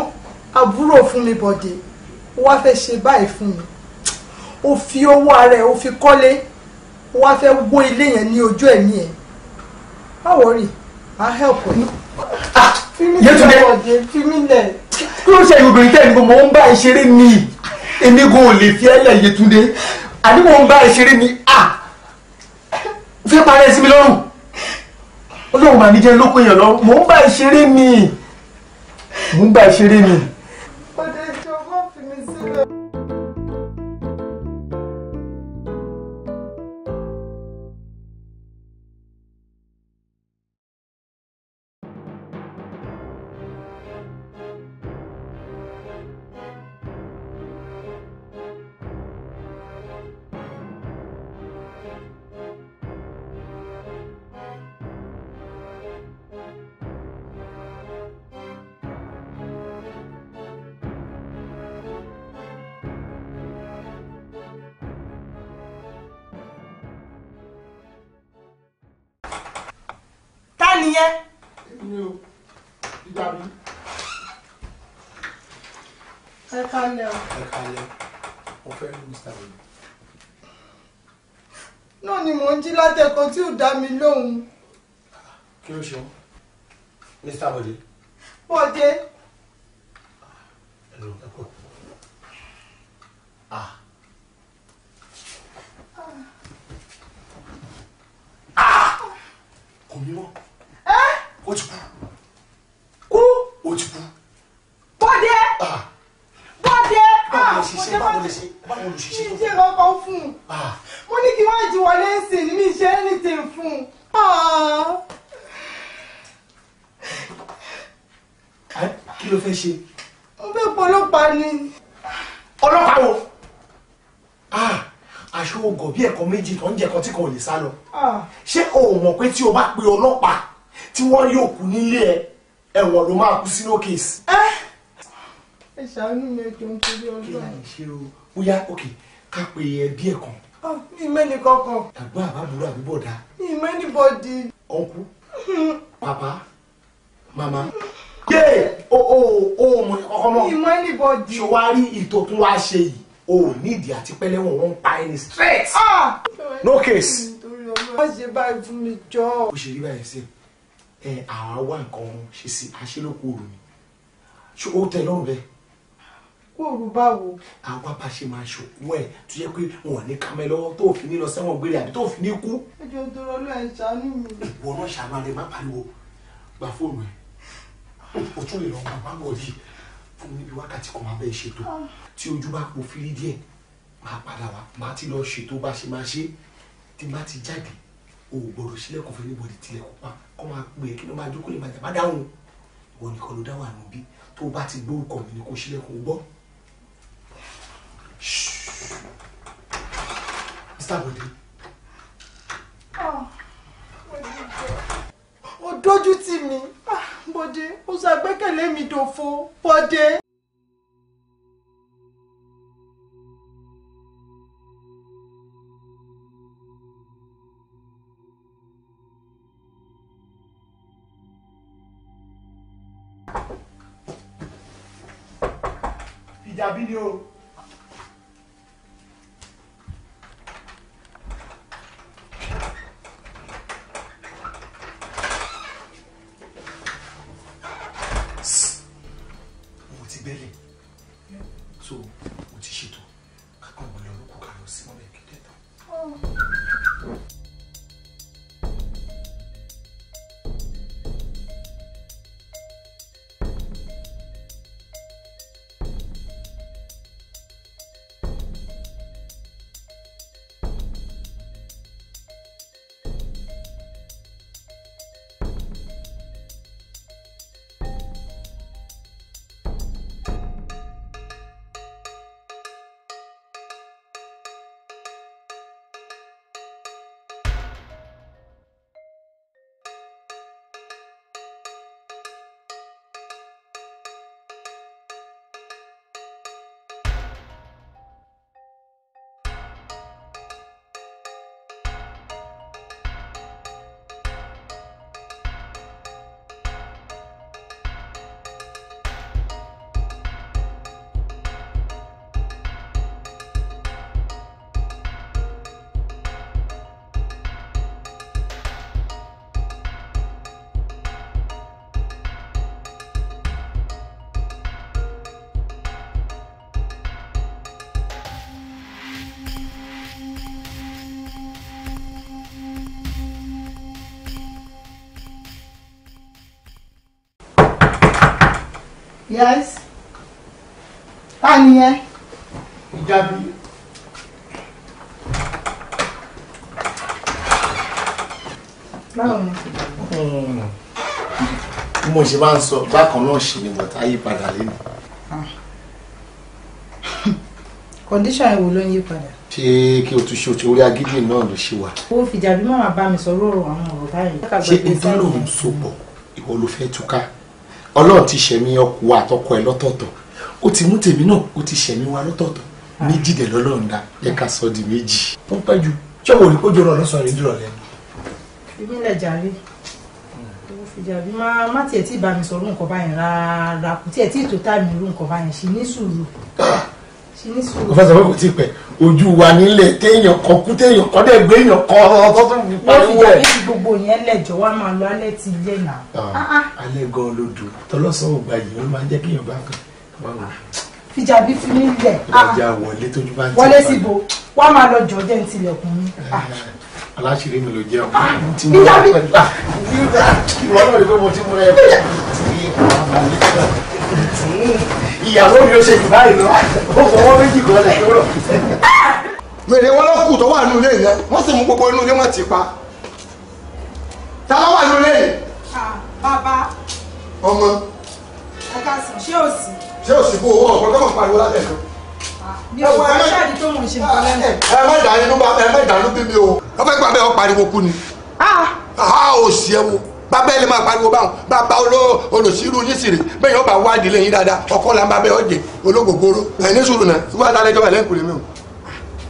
àbúrò fún mi bọ̀dé ó wá fẹ́ ṣe báyìí fún mi ó fi owó ara ẹ̀ ó fi kọ́lé ó wá fẹ́ wó ilé yẹn ní ojú ẹ̀mí ẹ̀ báwo rí i a help ẹ. yẹtùdẹ kí ló ṣe ẹ̀yin obìnrin tẹ́ ẹ̀ ń bọ̀ mọ̀ ń bá ẹ ṣeré ni èmi kò lè fi ẹ́ lẹ̀ yẹtùdẹ àní mò ń bá ẹ ṣeré ni a ah, fi parẹ́ sí mi lọ́rùn ọlọ́run màá ní jẹ́ lóko yẹn lọ́rùn mò ń bá ẹ ni mò ń bá ẹ ni. milhão lè sá lọ ah. ṣé o mọ̀ pé tí o bá pe ọlọ́pàá tí wọ́n rí òkú nílé ẹ ẹ̀wọ̀n ló máa kú sínú kéèsì. Eh? ẹ ṣàánú mi ètò nítorí ọlọ́run. ṣé o bóyá ok. ká pe ẹbí ẹ̀ kan. Ah, mi mẹ́ni kankan. àgbà àbábúrò àbíbọ̀dá. mi mẹ́ni bọ́dì. ọ̀nkú bàbá màmá yé o o o mọ̀ ọkọ mọ́. mi mẹ́ni bọ́dì. ṣé wàá rí ìtòkùn wa ṣe yìí o ò ní ìdí àti pẹ́lẹ́wọ̀n wọ́n ń pa ẹni straight. Ah! no case. nítorí ọmọ ṣe báyìí fún mi jọ. ó ṣe rí báyìí sí ẹ àwa wá nǹkan ṣe sí aṣẹ́lókù òru ni ṣé ó tẹ lọ́rùn bẹ́ẹ̀. kóòrù báwo. àwa bá ṣe máa ṣòkú ẹ tó yẹ pé wọn ní kámẹ́ lọ́wọ́ tó fi ní lọ sẹ́wọ̀n gbére àbí tó fi ní kú. ẹjọ dọrọ ló ẹ ṣàánú mi. ìwọ náà ṣàánú alẹ má pariwo gba fóònù ẹ o tún lè lọ gbàgbọ́ yìí fún mi bí wákàtí kan máa bẹ́ẹ̀ ṣètò tí ojú bá po firi díẹ̀ máa padà wá máa ti lọ ṣètò bá ṣe máa ṣe tí n ti jáde o ò gbọdọ̀ sílẹ̀kùn fún níbo di tilẹ̀kùn pa kọ́ máa pè é kí ló máa jókòó lè máa jà bá dáhùn ìwọ nìkan ló dá wà bí tó o bá ti gbórúkọ mi ni kò sílẹ̀kùn gbọ́. Mr. Bode. ó dójú tì mí ah, Bode ó sọ àgbẹ́kẹ̀lé mi dòfo Bode. jàbí ni o. mo ti bẹ́lẹ̀. yes ta ni yẹn. ìjábí. báwo ni. Hmm. bí mo ṣe máa ń sọ bákan náà ṣì ni bọ̀tá yí padà lẹ́nu. kọ́ndíṣàn ìwò ló ń yí padà. ṣé kí o tún ṣe orí agídí náà ló ṣe wà. ó fìjà bí màmá bá mi sọ lóòrùn àwọn ọ̀rọ̀ báyìí. ṣé nítorí òun so pọ̀ ìwọ ló fẹ́ túká ọlọ́run ti ṣẹ̀mí ọkọ àtọkọ ẹ lọ́tọ̀ọ̀tọ̀ ó ti mú tèmi náà ó ti ṣẹ̀mí wa lọ́tọ̀ọ̀tọ̀ méjì ah. dẹ̀ lọ́lọ́run dá ẹ ká sọ di méjì. ó ń pẹ́ ju ṣé wo ni kó jọrọ lọ́sàn-án rẹ̀ jùlọ lẹ́nu. ibi jàre owó fi jàre má má tiẹ̀ tí ì bá mi sọ̀rọ̀ nǹkan báyìí rárá kò tiẹ̀ tí ì tó tá mi rú báyìí ṣì ní sùúrù wọ́n fẹ́ sọ pé kò tí ì pẹ́ ojú wa nílẹ̀ téèyàn kan kú téèyàn kan dẹ̀ gbé èèyàn kan ọ̀tọ̀ tó fi pariwo ẹ̀. wọ́n fi jọ bí gbogbo yẹn lẹ̀jọ́ wá máa lọ alẹ́ ti yé nà. Ah, ah, ah. alẹ́ gan-an ló dùn tọ́lọ́sàn ògbà yìí ó máa ń jẹ́ kéèyàn bá kan. fìjàbí fi mí lẹ̀. ìjà wọlé tójú bá ń tẹ̀ wọlé síbo wá máa lọ jọ jẹ́ ní tilẹ̀kùn mi eh, aláṣìírí mi ló jẹ́ ọmọ ìyàwó mi ló ṣe jù báyìí lọ ó fọwọ́ méjì kan lẹ̀ lọ́rọ̀. mèrè wọn lọ́kù tó wà nínú ilé yẹn wọ́n sì mú gbogbo inú ilé wọn ti pa ta ló wà nínú ilé yìí. bàbá ọmọ. ẹ ká sùn ṣé ò sí. ṣé ò sí bó owó ọ̀pọ̀ tó mọ̀ pariwo lábẹ́ kan. mi ò bá ṣáàdì tó mò ń ṣe nǹkan lẹ́nu. ẹ má dàánú bí mi o. wọ́n fẹ́ gbàgbé ọ pariwo kú ni. a ò sí ẹ wo bàbá ẹ lè máa pariwo báwọn bàbá olùsírù yín sì rè bẹ́ẹ̀ yóò bá wá ìdílé yín dáadáa ọkọ là ń bá bẹ́ẹ̀ ọ̀jẹ̀ olóògbògbòrò ẹ̀ ní sùúrù náà wọ́n adalẹ̀ ìjọba ẹ̀lẹ́kùn lèmi o.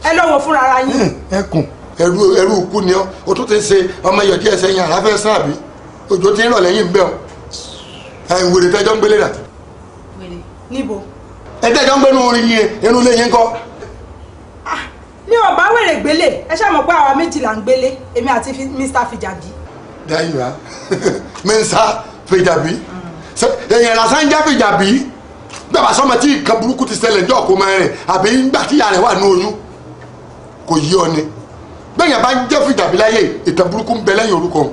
ẹ lọ́wọ́ fúnra ara yín. ẹkùn ẹrú ẹrú kú ni ọ o tún ti ṣe ọmọ iyọ̀ díẹ̀ sẹ́yìn àláfẹ́ sàn àbí òjò ti ń rọ̀ lẹ́yìn bẹ́ẹ̀ o ẹ̀ wèrè tẹ́jọ́ ń gbélé rà. wèrè níbo. ẹ tẹ́jọ́ ń gbénu orin yín inú ilé yín kọ́. ní ah, ọ̀bá wèrè gbélé ẹ ṣàmọ̀ pé àwa méjì là ń gbélé there you are mensa fèjàbí èyàn lásán já fèjàbí bàbá sọmọ tí nǹkan burúkú ti ṣẹlẹ̀ ní ọ̀kọ́ mẹ́rin àbí nígbà tí ìyá rẹ̀ wà ní oyún kò yí ọ ni bẹ́ẹ̀ yẹn bá ń jẹ́ Fejabi, láyé ìtàn burúkú ń bẹ lẹ́yìn orúkọ òun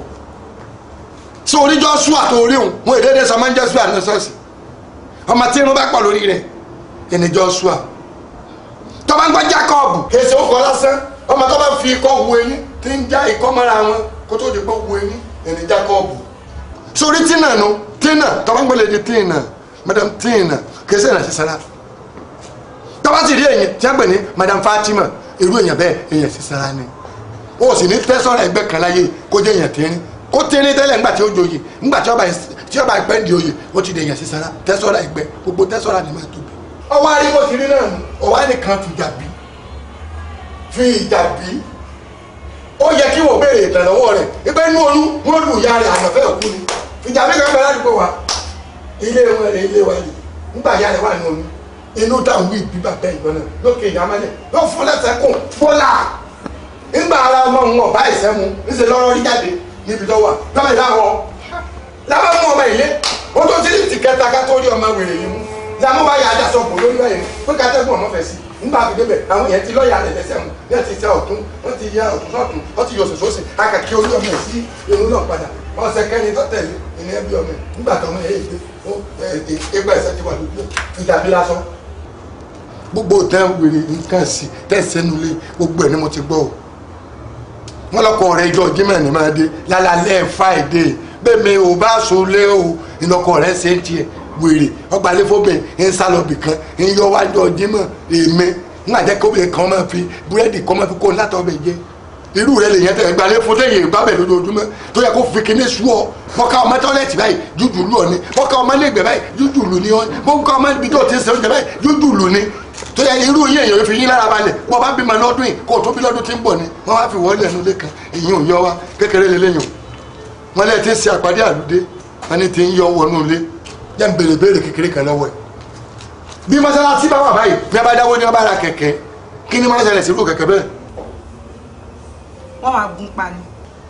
so oníjọ́ sùn àtòrí òun wọn èdè ẹ̀dẹ́sọ máa ń jẹ́ sùn àná sọ́ọ̀sì ọmọ tí irun bá pọ̀ lórí rẹ̀ ẹnìjọ́ sùn à tọ́ba ń gbọ́ Jákọ́ọ̀bù èsì ó kọ́ lásán ọmọ tọ́ba fi ikọ́ wu eyín tí ń já ikọ́ mọ́ra wọn kó tó di pé wu eyín ẹni Jacob sórí tínà nu Tina, tọ́lágbọ́lẹ̀ di tínà madam tínà kẹsẹ̀ náà ti sara tọ́ba sì rí èyàn tí a gbẹ̀ ní madam Fatima irú èyàn bẹ́ẹ̀ èyàn ti sara ni o sì ní tẹ́sọ̀rọ̀ ẹgbẹ́ kan láyé kó jẹ́ èyàn tẹ́rín kó tẹ́rín tẹ́lẹ̀ ńgbà tí ó joyè ńgbà tí ọba ẹgbẹ́ ń di oyè ó ti di èyàn sí sara tẹ́sọ̀rọ̀ ẹgbẹ́ gbogbo tẹ́sọ̀rọ̀ ni máa tóbi ọwọ́ arígbó ti rí náà ọwọ́ nìkan fi ìjà fi ìjà ó yẹ kí wọ́n béèrè ìtẹ̀lọ́wọ́ rẹ̀ ẹgbẹ́ inú oyún wọ́n lù ya rẹ̀ àyànfẹ́ òkú ni ìjà mi kan bẹ ládùúgbò wa ilé wọn rẹ̀ ilé wa yìí nígbà ya rẹ̀ wà nínú oyún inú dáhùn wí bí bàbá ìgbọ́n náà lókè ìyàmẹ́lẹ̀ ló fún lẹ́sẹ̀ kùn fọ́lá nígbà ara ọmọ ń wọ̀ báyìí sẹ́mu ńṣe lọ́rọ́ rí jáde níbi tó wà tọ́mọ̀ ìdáwọ̀ lábẹ́ mú mú ọmọ fẹ́ nígbà àfi débẹ̀ àwọn yẹn ti lọ́ọ̀yà rẹ̀ lẹ́sẹ̀ mu yẹn ti sẹ ọ̀tún wọ́n ti yẹ ọ̀tún sọ̀tún wọ́n ti yọ sòsò sí akàkí orí ọmọ ẹ̀ sí irun náà padà wọ́n sẹ kẹ́ni tó tẹ̀lé ìní ẹbí ọmọ ẹ̀ nígbà tó ọmọ ẹ̀ yé gbé ó ẹ̀ ẹgbà ẹ̀sẹ̀ ti wà lójú ìdàbí lásán. gbogbo tẹ́wọ̀n wèrè nǹkan sí tẹ̀sẹ̀nulé gbogbo ẹ̀ ni mo ti gbọ́ o wọn lọkọ rẹ jọ jimẹ ni máa dé lálálẹ friday bẹẹ mi ò bá sọ lé o ìlọkọ rẹ ṣe ń tiẹ wèrè ọgbà lẹ́fọ́bìn ń sá lọ bìkan ń yọ wájú ọdín mọ̀ èmi ńgbà jẹ́ kóbìnrin kan máa fi búrẹ́dì kan máa fi kó látọ̀ bẹ̀ jẹ́ irú rẹ lè yẹn tẹ ẹgbà lẹ́fọ́ tẹ̀yìn ìgbà bẹ̀ lójoojúmọ́ tó yẹ kó fi kíní sú ọ bọ́ká ọmọ tọ́lẹ̀tì báyìí jújù lù ọ ni bọ́ká ọmọ lẹ́gbẹ̀ báyìí jújù lù ni ọ ni bọ́ká ọmọ ibi tó ti ń sẹ́wọ́n jẹ báyìí jújù lù ni tó yẹ irú yẹn èèyàn fi yín lára balẹ̀ bọ́ bá bímọ lọ́dún yìí kó o tó bí lọ́dún tí ń bọ̀ ni wọ́n wá fi wọ́ọ́lì ẹnu lẹ́kan èyí ò yọ wa kékeré lélẹ́yìn wọ́n lẹ́ẹ̀ ti ń ṣe àpàdé àlùdé wọ́n ní ti ń yọ wọnú ilé jẹ́ n béèrè béèrè kékeré kan lọ́wọ́ ẹ̀ bí mọ́sálásí bá wà báyìí bí a bá dáwọ́ ní a bá ra kẹ̀kẹ́ kí ni mọ́sálásí sí irú kẹ̀kẹ́ bẹ́ẹ̀. wọ́n máa gun pa ni.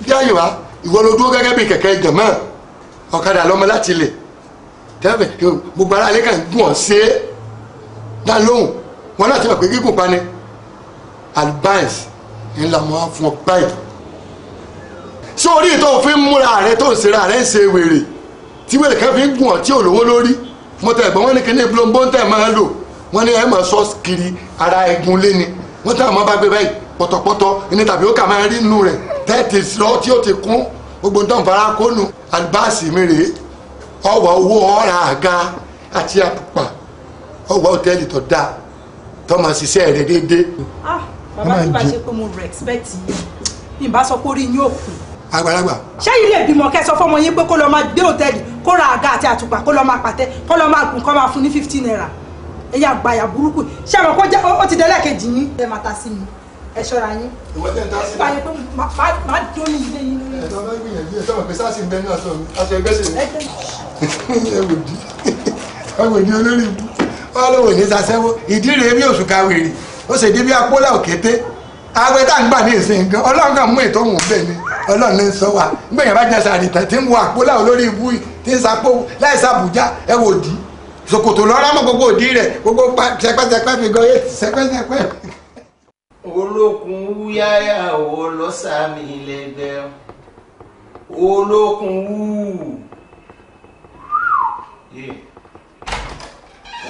bí ayé wa ìwọ ló dúró gẹ́gẹ́ bí kẹ̀kẹ́ jẹ̀mọ́ ọ̀kadà lọ́mọ láti lè tẹ́fẹ̀ gbogbo ara alẹ́ kan gùn ọ̀ sí é dá lóhùn wọn náà ti mọ̀ pé gígùn pa ni advice ńlá mọ́ fún ọ báyìí sórí ìtọ́ òfin múra rẹ tó ń ṣe ra rẹ ń ṣe wèrè tí wẹ́rẹ̀ kan fi ń gùn ọ́ tí ò lówó lórí mo tẹ ẹ̀gbọ́n wọn ní kíní ìblombo ń tẹ̀ máa lò wọ́n ní ẹ̀ máa sọ kiri ara ẹ̀gùn lé ni wọ́n tẹ̀ àwọn bá gbé báyìí pọ̀tọ̀pọ̀tọ̀ ní tàbí ó kà máa rí inú rẹ̀ tẹ́ẹ̀tì lọ tí ó ti kún gbogbo ń tàn fara kónú alibáàsì mi rèé ọwọ́ owó ọ̀rà àga àti àpùpà ọwọ́ hòtẹ́ẹ̀lì tó dáa tó máa ṣiṣẹ́ rẹ̀ déédéé. ah bàbá tí bá ṣe pé mo respect yín ìbá sọ pé orí yín ò kún àgbàlagbà. sẹ́yìn lè bímọ kẹ́sọ fọmọ yín pé kó lọ́ọ́ máa gbé hòtẹ́ẹ̀lì kó ra àga àti àtùpà kó lọ́ọ́ máa pàtẹ kó lọ́ọ́ máa gùn kó máa fún ní fifteen naira ẹ̀yà àgbàyà burúkú sẹ́wọ̀n kó jẹ́ ó ti dẹ́lẹ̀ kejì yín ẹ máa ta sí mi ẹ ṣọ́ra yín. ìwọ tẹ̀ ń ta sí mi. báyìí pé máa dún ní ilé yín lórí. bá gbìyànjú ẹ̀ sọ́wọ́n pé sáàsì mi aṣọ ẹgbẹ́ sì ni. ẹ wò ẹ wò olórí ibu wọn lóun ní sasẹ́wó ìdí rèé bí òṣùkà wèrè ó sì dé bí apólà òkété ààwẹ̀ tá à ń gbà ní ìsìn nǹkan ọlọ́run kan mú ètò òun bẹ́ẹ̀ ni ọlọ́run ní sọ wa gbẹ̀yìn bá jẹ́ sàrìtàn tí ń wo àpólà olórí ibú tí ń sapó láì sàbùjá ẹ wò dí ṣòkòtò lọ́rọ́ mọ́ gbogbo òdí rẹ̀ gbogbo sẹpẹ́sẹpẹ́ fi gan yé sẹpẹ́sẹpẹ́. olókun wúyáyà wo lọ́sàmì lẹ́gbẹ́ olókun wú.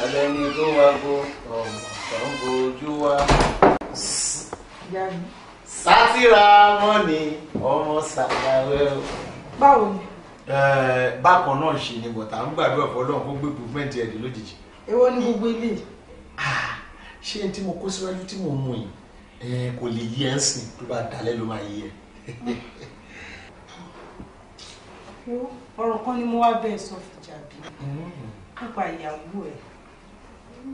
tàbí tó wá gbó ọ̀hún tó ń bojú wá sátìrà mọ́ni ọmọ sàlàwẹ́ o. báwo ni. bákan náà ṣe ni bọ̀tà ń gbàdúrà fọlọ́run kó gbé pavement ẹ̀dín lójijì. èwo ni gbogbo ilé. ṣé n tí mo kó síwájú tí mo mú yìí kò lè yí ẹ ń sìn tó bá dalẹ̀ ló máa yí ẹ. ọ̀rọ̀ kan ni mo wá bẹ́ẹ̀ sọ fìjà bí mm. nípa ìyàwó ẹ̀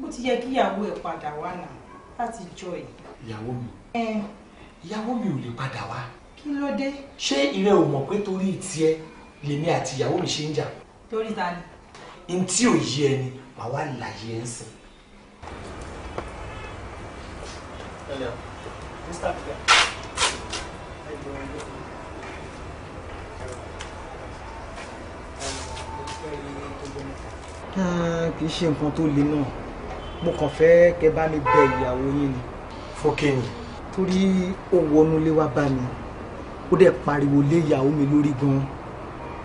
ó ti yẹ kí ìyàwó ẹ̀ padà wà náà láti jọ ẹ̀. ìyàwó mi ìyàwó mi ò lè padà wá. kí ló dé. ṣé ìrẹ ò mọ̀ pé torí tiẹ lèmi àti ìyàwó mi ṣe ń jà. torí ta ni. n tí ò yé ẹni màá wá láyé ẹ ń sìn. Mr. Peter. kì í ṣe nǹkan tó le náà mo kàn fẹ́ kẹ́ bá mi bẹ ìyàwó yín ni. fókè ni torí ó wọnú ilé wá bá mi ó dẹ̀ pariwo lé ìyàwó mi lórí gan-an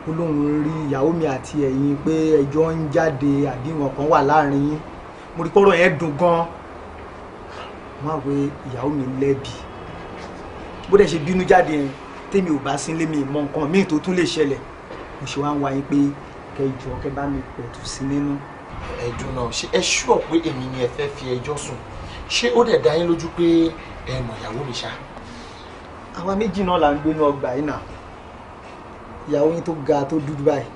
ó lóun rí ìyàwó mi àti ẹ̀yin pé ẹjọ́ ń jáde àbí wọn kan wà láàrin yín mo rí pọ́rọ̀ yẹn dùn gan-an wọ́n á wé ìyàwó mi lẹ́bi bó dẹ̀ ṣe bínú jáde yẹn tèmi ò bá sí ilé mi mọ nǹkan míì tó tún lè ṣẹlẹ̀ mo ṣe wá ń wá yín pé kẹjọ kẹ bá mi pẹ̀tù sí nínú. ẹ̀dùn náà ṣé ẹ ṣúọ̀ pé èmi ni ẹ fẹ́ fi ẹjọ́ sùn ṣé ó dẹ̀ dá yín lójú pé ẹ mọ̀ ìyàwó mi ṣá. àwa méjì náà là ń gbénú ọgbà yìí náà ìyàwó yín tó ga tó dúdú báyìí.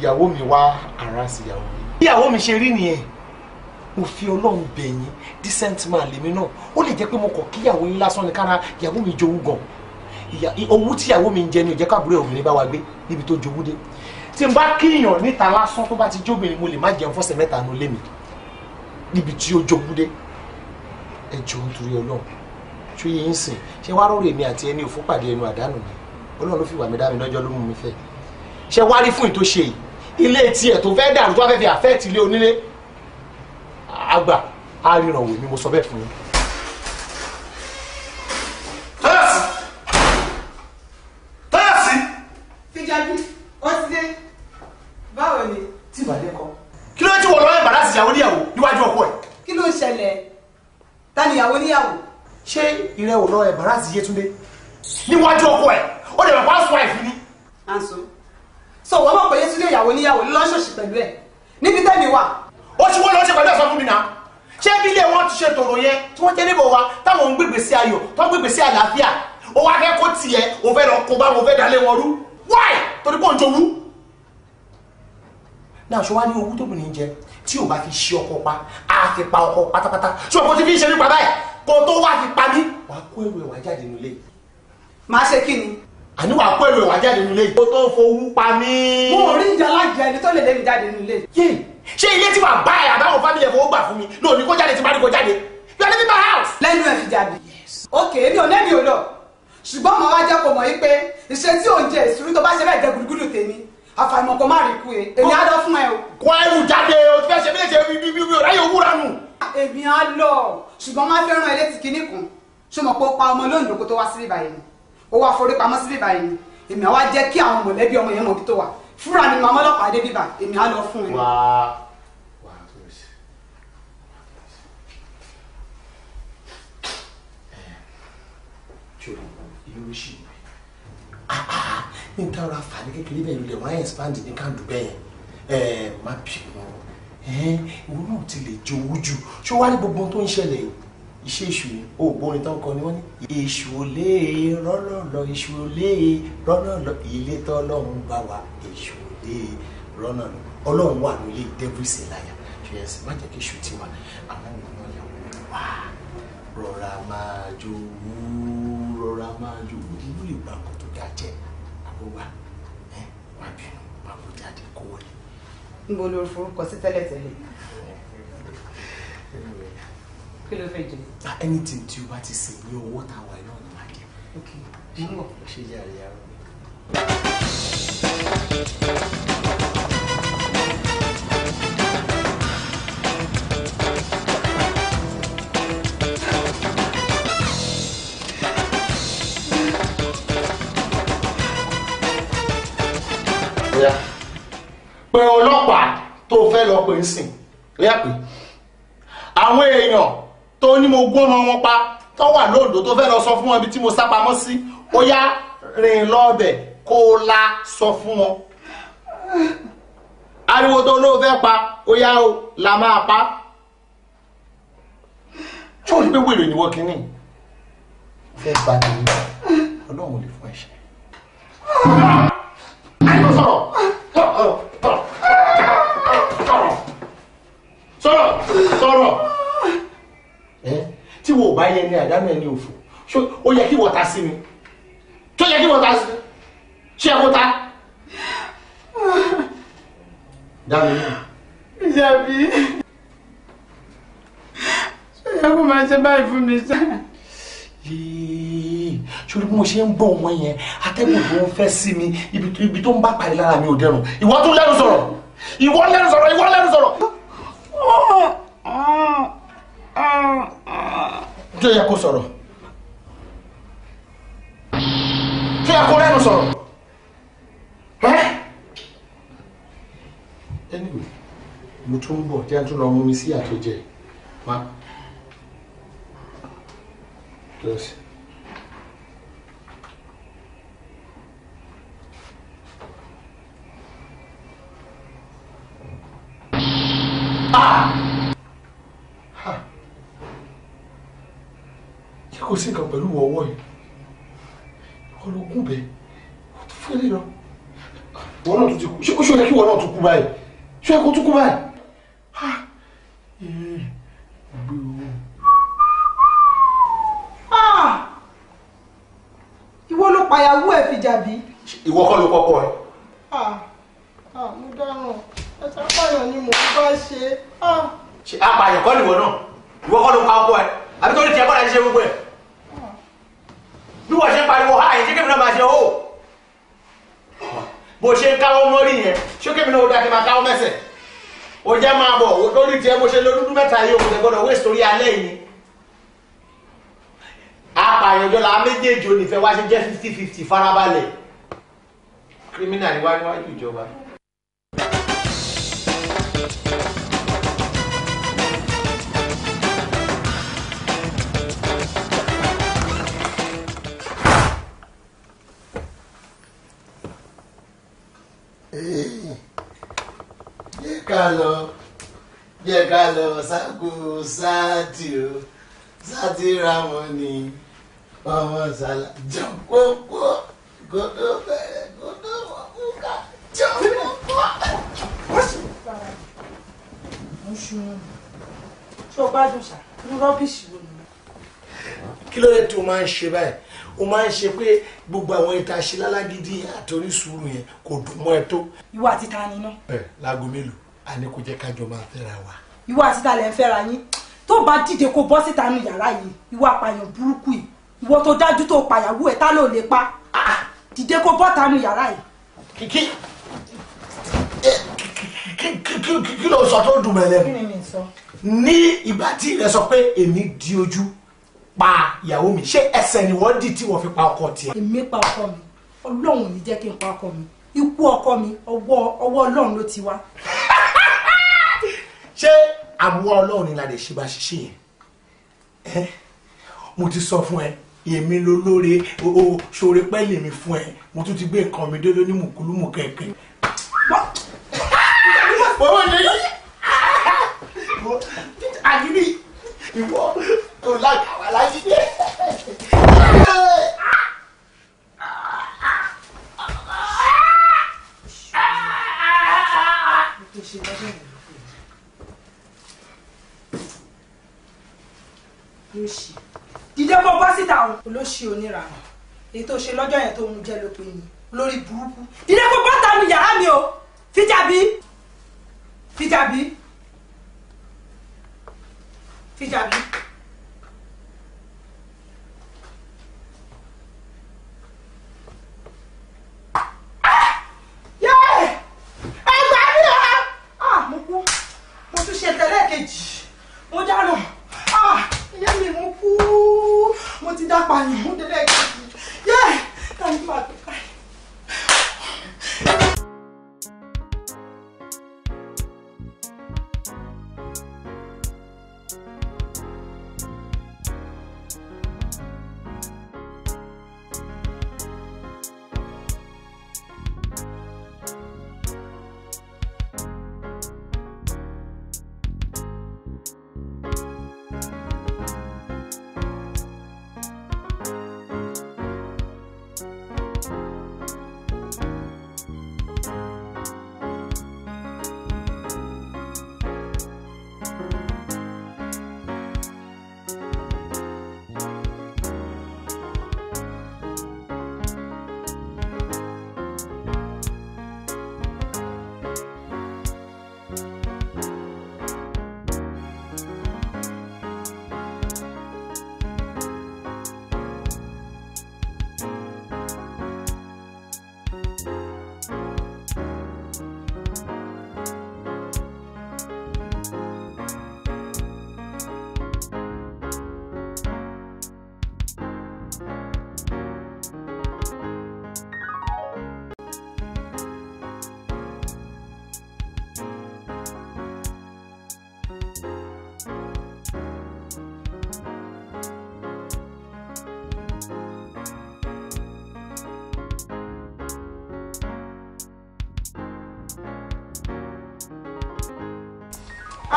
ìyàwó mi wá ara sí ìyàwó mi. ìyàwó mi ṣe rí nìyẹn mo fi ọlọ́run bẹ̀yìn decent man lèmi náà ó lè jẹ́ pé mo kọ̀ kíyàwó yín lásán ni kára ìyàwó mi jowú gan owó tíyàwó mi ń jẹ ni ò jẹ́ káàbúrò obìnrin bá wa gbé níbi tó jowú dé tí n bá kíyàn níta lásán tó bá ti jóbìnrin mo lè má jẹun fọ́sẹ̀ mẹ́ta nu lé níbi tí ó jowú dé ẹ jọ̀ọ́ nítorí ọlọ́run ṣó yẹ ń sìn ṣé wàá rọrùn èmi àti ẹni òfó pàdé ẹnu àdánù mi Ọlọ́run ló fi wà mí dá mi lọ́jọ́ ló mú mi fẹ́ ṣé wàá rí fún ìtò ṣe yìí ilé tiẹ̀ tó fẹ́ dàrú tó wá fẹ́ fi àfẹ́ẹ̀tì ilé onílé àgbà àrìrànwò mi mo sọ bẹ́ẹ̀ fún yín. tọ́yọ̀sì tọ́yọ̀sì. fíjájú ó ti dé báwo ni. tí ìbàdí kọ. kí ló ń tí wọ́n lọ́wọ́ ìbàdí àti ìyàwó níyàwó níwájú ọkọ ẹ̀. kí ló ń ṣé ìrẹ ò lọ ẹ̀bàrà sí Yétúndé níwájú ọkọ ẹ̀ ó lè bàbá sùn àìfín ni. àǹsó so wọ́n mọ̀ pé Yétúndé ìyàwó níyàwó lọ́ṣọ̀ṣì pẹ̀lú ẹ̀ níbi tẹ́mi wà. ó ti wọ́n lọ ṣe pẹ̀lú ẹ̀sán fún mi náà ṣé bí ilé wọn ti ṣe tòrò yẹn tí wọ́n jẹ́ níbò wa táwọn ń gbègbè sí ayọ̀ tó ń gbègbè sí àlàáfíà ó wá fẹ́ kó tiẹ̀ ó fẹ́ lọ kó bá wọn fẹ́ why torí pọ̀ ń jowú. náà ṣọ wá ní owó tóbi ní jẹ tí ò bá fi ṣe ọkọ pa á fi pa ọkọ pátápátá ṣùgbọ́n ti fi ń kó tó wá fi pa mí wàá kó èrò ẹ̀wà jáde nílé. máa ṣe kí ni. àní wàá kó èrò ẹ̀wà jáde nílé. kó tó fowú pa mí. mo rí ìjà alájà ẹni tó lè lé mi jáde nílé. ṣé ilé tí wàá bá ẹ àbáwọn fámìlì ẹ̀ fowó gbà fún mi lò ní kó jáde tí bá ní kó jáde. you are leaving my house. lẹ́nu ẹ̀ fi jáde. ok èmi ò lẹ́mi ò lọ ṣùgbọ́n mo wá jẹ́ kó mọ̀ yí pé ìṣe tí òun jẹ ìṣúrú tó bá ṣe bẹ́ẹ̀ jẹ gúdúgúdù tèmi àfàìmọ̀ kó má rí kú e èmi á lọ fún ẹ o. kọ ẹrù jáde o ti fẹ́ ṣe bí lè ṣe bí bí ráyè owó ránù èmi á lọ ṣùgbọ́n má fẹ́ràn ẹlẹ́tì kínní kan ṣó mọ̀ pé ó pa ọmọ lóńdó kó tó wá síbí báyìí ni ó wá forí pamọ́ síbí báyìí ni èmi á wá jẹ́ kí àwọn mọ̀lẹ́bí ọmọ yẹn mọ̀ bí tó wà fúra ni màmá ọlọ́pàá dé bíbà èmi á lọ fún un. wàá wàá tó ṣe. jòlè ilé oṣù mi ní tàwọn afa ní kékeré bẹ́ẹ̀ lulẹ̀ wọ́n á expand ní káàdùn bẹ́ẹ̀ ẹ̀ má bínú ìwọ náà ti lè jowú jù ṣé wàá rí gbogbo tó ń ṣẹlẹ̀ yìí iṣẹ́ èṣù ni ó gbórin tán kọ ni wọ́n ní. èṣù olè rọ́lọ́lọ́ èṣù olè rọ́lọ́lọ́ ilé tọ́lọ́run bá wa èṣù olè rọ́lọ́lọ́ ọlọ́run wà nílé dẹ́bùsì láyà fìyẹ̀sì má jẹ́ kí èṣù ti wà àwọn ọmọ náà yà wọ́n wá rọra máa jowú rọra máa jowú nínú ìgbà kan tó dáa jẹ́. níbo ló forúkọ sí tẹ́lẹ̀tẹ́lẹ̀ kí ló fẹ́ jẹ. Ah, anything tí o bá ti sè ní owó tá a wà náà ni màá jẹ. ok mú bọ̀. ṣe yàrá yàrá. Yeah pé ọlọ́pàá tó fẹ́ lọ pè ń sìn ríà àwọn èèyàn tó ní mo gbóná wọn pa tó wà lóòdó tó fẹ́ lọ sọ fún wọn ibi tí mo sá pamọ́ sí ó yá rìn lọ́ọ̀bẹ̀ kó o la sọ fún wọn ariwo tó ló fẹ́ pa ó yá o là máa pa tí ò ní pé wèrè ìwọ kínní fẹ́ gba tèmi ọlọ́run ò lè fún ẹ̀ṣẹ̀. àìsàn sọ̀rọ̀. bá yẹ ní àdánù ẹni òfò ṣé ó yẹ kí wọ́n ta sí mi tó yẹ kí wọ́n ta sí mi ṣé ẹ kó ta. dá mi lóhùn. ìjàbí ṣé ẹ kó máa ṣe báyìí fún mi sá. ṣòro bí mo ṣe ń bọ̀ wọ́n yẹn atẹ́gùn tó ń fẹ́ sí mi ibi tó ń bá parí lára mi ò dẹrùn ìwọ tún lẹ́nu sọ̀rọ̀ ìwọ lẹ́nu sọ̀rọ̀ ìwọ lẹ́nu sọ̀rọ̀ tó yẹ kó sọ̀rọ̀ tó yẹ kó lẹ́nu sọ̀rọ̀ ẹ́ anyway mo tún ń bọ̀ jẹ́ tún lọ mú mi sí àtòjẹ ma lọ́sí. Ah! kò sí nǹkan pẹ̀lú ọwọ́ yìí wọ́n ló kú bẹ́ẹ̀ wọ́n tún fẹ́lẹ́ lọ. wọ́n náà tún ti kú ṣé ó ṣe yẹ kí wọ́n náà tún kú báyìí ṣé ó yẹ kó tún kú báyìí. wá ṣe jẹ́ fifty fifty farabalẹ̀ kírímínà ni wá ìjọba. máa ń ṣe báyìí ó máa ń ṣe pé gbogbo àwọn ìta ṣe lálágídí àtòrí sùúrù yẹn kò dùn mọ́ ẹ tó. ìwà àti ta ni iná. ẹ láago mélòó a ní kó jẹ́ kájọ máa fẹ́ra wa. ìwà àti ta lẹ̀ ń fẹ́ra yín tó bá dìde kó bọ́ síta nu yàrá yìí ìwà àpàyàn burúkú yìí ìwọ tó dájú tó pàyàwó ẹ̀ tá ló lè pa ah, ah. dìde kó bọ́ta nu yàrá yìí. kìkì eh, kí ló sọ tó dùn mẹ́lẹ́ ní ìgbà tí ilẹ̀ sọ pé èmi di ojú pa ìyàwó mi ṣé ẹsẹ̀ ni wọ́n dì tí wọ́n fi pa ọkọ tiẹ̀. èmi pa ọkọ mi ọlọ́run ò ní jẹ́ kí n pa ọkọ mi ikú ọkọ mi ọwọ́ ọwọ́ ọlọ́run ló ti wá. ṣé àbúrò ọlọ́run ni ládẹ ṣe bá ṣiṣẹ́ yẹn mo ti sọ fún ẹ èmi ló lóore o ṣoore pẹ́ẹ́lì mi fún ẹ mo tún ti gbé nǹkan mi dé lóní mùkúlùmù kẹ̀kẹ́. wọ́n wọ́n lè yí àdìrí ìwọ tó lágàwá láyé dé. dídé bọ́ bọ́ síta olóṣì oníranà èyí tó ṣe lọ́jọ́ yẹn tó ń jẹ́ lópin ni lórí burúkú dídé bọ́ bọ́ tanu yàrá mi o fíjàbí fíjàbí fíjàbí.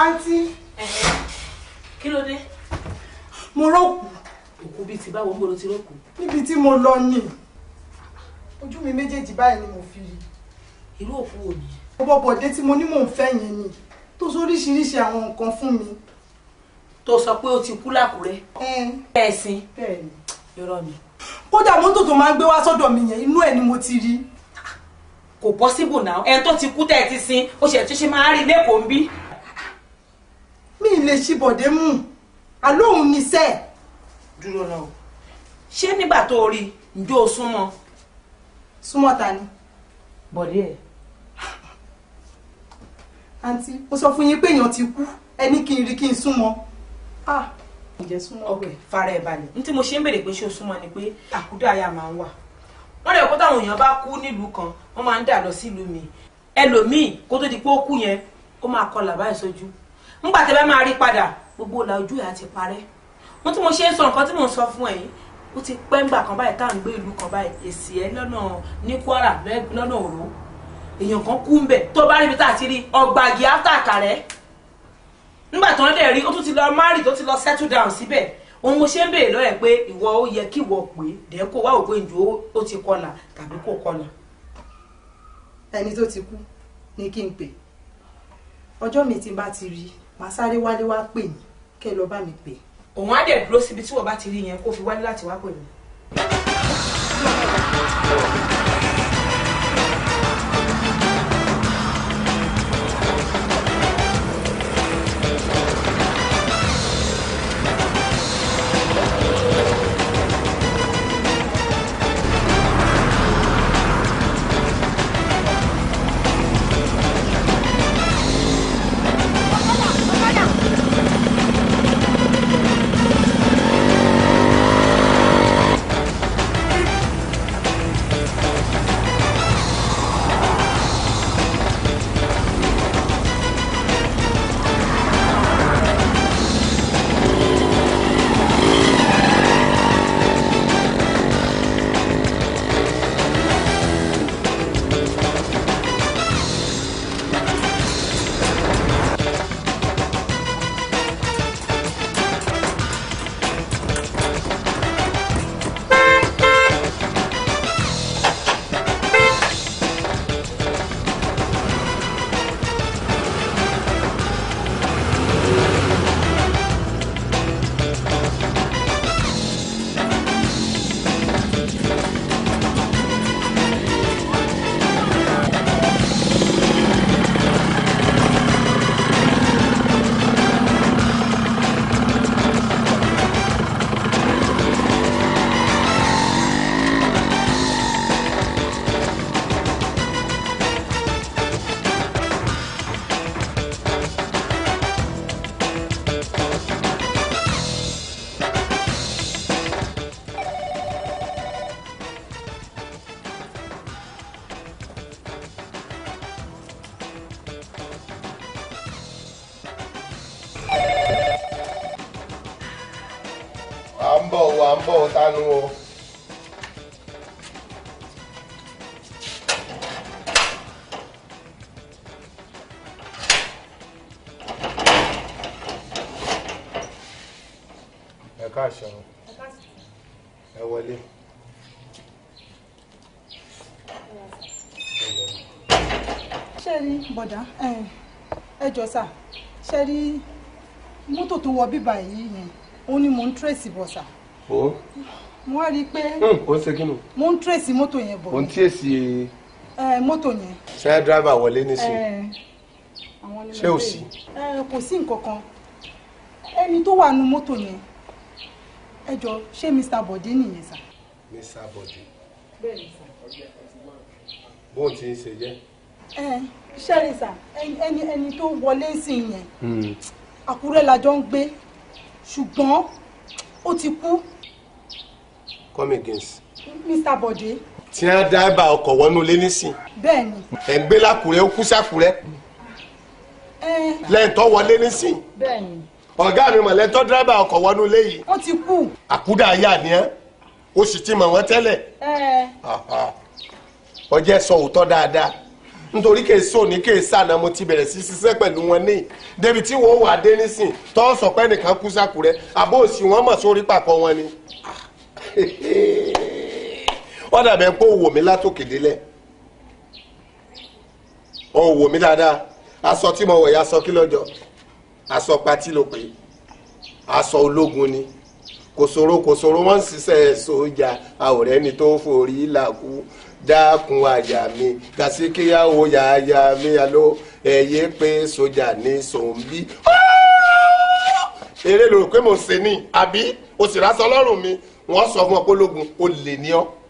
àǹtí. kí ló dé. mo rọ́ọ̀kù. òkú bíi ti báwo gbọ́dọ̀ ti rọ́ọ̀kù. níbi tí mo lọ ni ojú mi méjèèjì báyìí ni mo fi rí. irú òkú wo ni. mo bọ bọ̀dé tí mo ní mò ń fẹ́ yẹn ni tó sóríṣiríṣi àwọn nǹkan fún mi. tó sọ pé o ti kú làkúrẹ́. bẹ́ẹ̀ sin irọ́ ni. kódà mọ́tò tó máa ń gbé wá sọ́dọ̀ mi yẹn inú ẹ̀ ni mo ti rí. kò possible now ẹni tó ti kú tẹ́ ti sin ó ṣe ti ṣe máa rí lẹ́kọ̀ọ́ ń bí lè ṣí bọ̀dé mú àlóhùn ní sẹ́ẹ̀. dúró náà ṣé nígbà tó rí njó o súnmọ́. súnmọ́ ta ni. bọ̀dé ẹ̀. àǹtí mo sọ fún yín pé èèyàn ti kú ẹni kí n rí kí n súnmọ́. ah ǹjẹ́ súnmọ́ ok fara ẹ̀ balẹ̀ ní tí mo ṣe ń bèrè pé ṣé o súnmọ́ ni pé àkúdàáyà máa ń wà wọ́n lè kó táwọn èèyàn bá kú nílùú kan wọ́n máa ń dà lọ sílùú mi ẹlòmíì kó tó di pé ó kú yẹn ó máa kọlà báyìí sójú nígbà tẹ́ bá máa rí padà gbogbo ọ̀la ojú ẹ̀ á ti parẹ́ wọ́n tí mo ṣe ń sọ nǹkan tí mò ń sọ fún ẹ̀yin ó ti pẹ́ ńgbà kan báyìí tá à ń gbé ìlú kan báyìí èsì ẹ̀ lọ́nà ní Kwara lọ́nà òru èèyàn kan kú ń bẹ̀ tó bá ríbi tá a ti rí ọgbàgì átàkà rẹ̀ nígbà tó ń dẹ̀ rí ó tún ti lọ márì to ti lọ settle down síbẹ̀ òun mo ṣe ń béèrè lọ́rẹ̀ pé ìwọ ó yẹ kí ìwọ pé dẹ́kò wá òpin ìjò ó ti kọlà tàbí kò kọlà. ẹni tó ti kú ni kí n pè ọjọ́ mi ti bá ti rí i màá sáré wálé wá pè mí kẹ́ ẹ lọ bá mi pè. òun á dẹ̀ dúró síbi tí wọ́n bá ti rí yẹn kó fi wálé láti wá pè mí. ẹ káàsán ẹ wọlé. ṣé rí bọ̀dá ẹ jọ sà ṣé rí mọ́tò tó wọ bíbá yìí yẹn ó ní mò ń tírèsì bọ̀ sà. o. mo wá rí i pé. o hmm, ṣe kí ni. mo ń tírèsì mọ́tò yẹn bọ̀. o ń tíyèsí. Eh, mọ́tò yẹn. ṣé dírẹ́bà wọlé nísìnyí. ṣé o sí. kò sí nǹkan kan ẹni tó wà nu mọ́tò yẹn ẹ jọ ṣé Mr. Bọ̀dé nìyẹn sà. Mr. Bọ̀dé. bẹ́ẹ̀ni sà. bó o ti ń ṣe jẹ́. ẹ ṣẹ́rí sà ẹni ẹni tó wọlé sí yẹn hmm. Àkúrẹ́ la jọ ń gbé ṣùgbọ́n ó ti kú. come against. Mr. Bọ̀dé. tí wọ́n dá ẹ̀bà ọkọ̀ wọnú lé nísìn. bẹ́ẹ̀ni. ẹ̀ ń gbé lákùrẹ́ ó kú sákùrẹ́. lẹ́yìn tó wọlé nísìn. bẹ́ẹ̀ni. ọ̀gá mi mọ̀lẹ́ tó ọkọ̀ wọnú léyìí wọ́n ti kú. àkúdà yà ni o sì ti mọ̀ wọ́n tẹ́lẹ̀. ọjẹ́ sọ òótọ́ dáadáa nítorí kèsì òní kèsì àná mo ti bẹ̀rẹ̀ sí ṣiṣẹ́ pẹ̀lú wọn ní débi tí wọ́n wà dé nísìn tó sọ nìkan kú sákùrẹ́ àbó òsì wọn mọ̀ sórí wọn aṣọ pati ló pé aṣọ ológun ni kòsòrò kòsòrò wọn ń ṣiṣẹ́ sójà àwòrẹ́ ni tó forí làkú dákun àyà mi gàsíkíyàwó yàyà mi àló ẹ̀yẹ pé sójà ní sòǹbí. eré ló rò pé mo ṣe ní àbí o sì rásọ ọlọ́run mi wọ́n sọ fún ọ pé ológun o lè ní ọ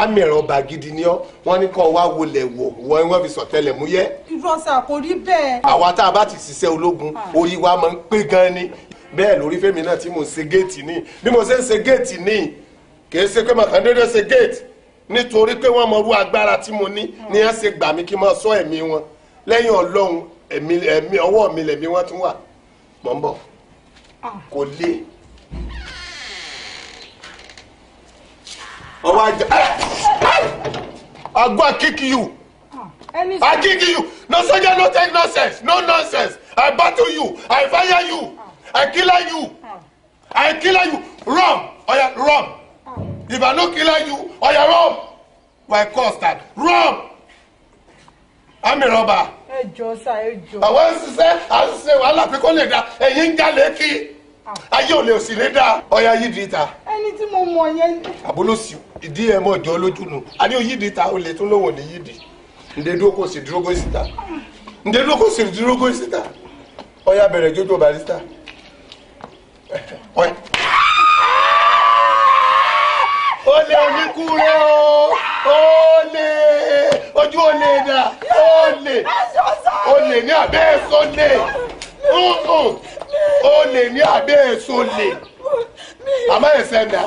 àmì ẹ̀rọ ọba gidi ni ọ́ wọ́n ní kọ́ wá wọlé wọ̀ wọ́n wọ́n fi sọ̀tẹ́lẹ̀ mú yẹ́. ìrọ̀sà kò rí bẹ́ẹ̀. àwa tá a bá ti ṣiṣẹ́ ológun ah. orí wa máa ń pé gan ni bẹ́ẹ̀ lórí fèmí náà tí mo ń ṣe géètì ní bí mo ṣe ń ṣe géètì ní kì í ṣe pé màkà déédéé ṣe géètì nítorí pé wọ́n mọ irú agbára tí mo ní ni wọ́n ṣe gbà mí kí n máa sọ ẹ̀mí wọn lẹ́yìn ọlọ́run ẹ̀mí ọwọ́ mi lẹ̀mí wọn tún wà mọ́ ń bọ̀ ah. kò le ọwọ́ ajá I go and kick you. I kick you. No soldier, no take nonsense. No nonsense. I battle you. I fire you. Ah. I kill you. Ah. I kill you. Run. Oya, run. Ah. If I no kill you, oya, run. Why call that? Run. I'm a robber. Ẹ jọ sá ẹ jọ. Àwọn ṣiṣẹ́ àṣìṣe wàhálà pé kó lè da ẹ̀yìn ń jalè kí. Ayé ò lè òsì lè da ọ̀ya yìí di ìta. Ẹni tí mo mọ̀ yẹn. Àbólóṣìí ìdí ẹ̀ mọ̀ jọ lójú nu àní oyídi ta olè tó lówó ní yídi ǹdẹ́dúró kò sì dúró gòsì ta ǹdẹ́dúró kò sì dúró gòsì ta ọ̀yá bẹ̀rẹ̀ jójó barista ọ̀yá. olè oníkúrò olè ojú olè dà olè olè ní abẹ́ èso lè olè ní abẹ́ èso lè àmọ́ ẹ̀sẹ̀ dà.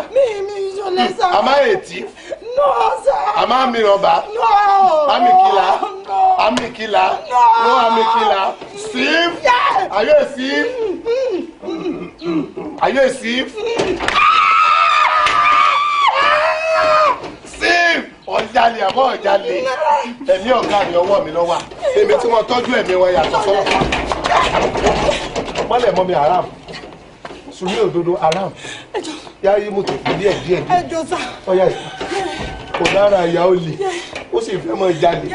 Am I a thief? No, sir. Am I a robber? No. I'm a killer? No. I'm a killer? No. No, I'm a killer. Thief? Yes. Are you a thief? Are you a thief? Thief! Ọ̀jalè àbọ̀ ọ̀jalè. Ẹ̀mí ọ̀gá mi ọwọ́ mi lọ́wọ́. Èmi tí wọ́n tọ́jú ẹ̀mí wọn yàtọ̀ sọ́wọ́. Mọ́lẹ̀ mọ́ mi haram sùnmí òdodo aram yáyé mo tẹ̀ fún díẹ̀ díẹ̀ ọ̀yà kò lára ìyá ó le ó sì fẹ́ mọ̀ jalè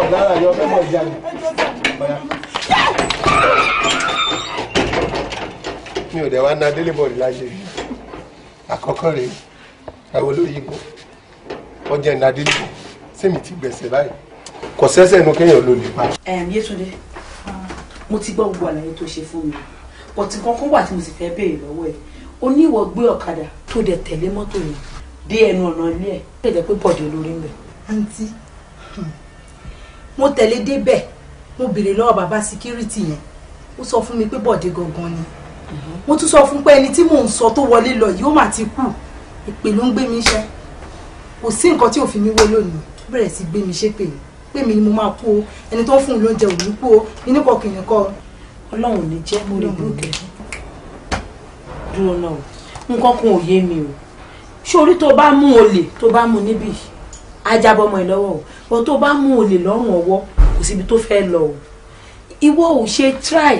ọ̀ lára ìyá ó fẹ́ mọ̀ jalè ọ̀yà. mi ò dẹ̀ wá ná délé bọ̀dì láyé àkọ́kọ́ rèé àwọn olóyìnbó ọjà ìnádìlẹ̀ sẹ́mi ti gbẹ̀sẹ̀ báyìí kò sẹ́sẹ̀ nu kéèyàn ló lè pa. yétúndé mo ti gbọ́ gbogbo àlàyé tó ṣe fún mi ọtí kankan wà tí mo sì fẹ́ béèrè lọ́wọ́ ẹ̀ ó ní ìwọ gbé ọ̀kadà tó dẹ̀ tẹ̀lé mọ́tò yẹn dé ẹnu ọ̀nà ilé ẹ̀ ó lè jẹ́ pé bọ̀dé olórí ń bẹ̀. àǹtí hmm. mo tẹ̀lé débẹ̀ mo béèrè lọ́wọ́ bàbá síkírìtì yẹn ó sọ fún mi pé bọ̀dé gangan ni mhm. mo tún sọ fún pé ẹni tí mò ń sọ tó wọlé lọ yìí ó mà ti kú ìpè ló ń gbé mi iṣẹ́ kò sí nǹkan tí òfin mi wó lónìí ó bẹ̀rẹ̀ sí gbé mi ṣépè pé mi ni mo máa kú o ẹni tó ń fún un lóúnjẹ ò ní kú o inú kọkìnrin kọ ọlọ́run ò ní jẹ́ mo rí búrúkẹ́ dúró náà nǹkan kan ò yé mi o sórí tó bá mú olè tó bá mú níbí ajábọmọ ẹ lọ́wọ́ o bọ tó bá mú olè lọ́rùn ọwọ́ kò síbi tó fẹ́ lọ o ìwọ ò ṣe try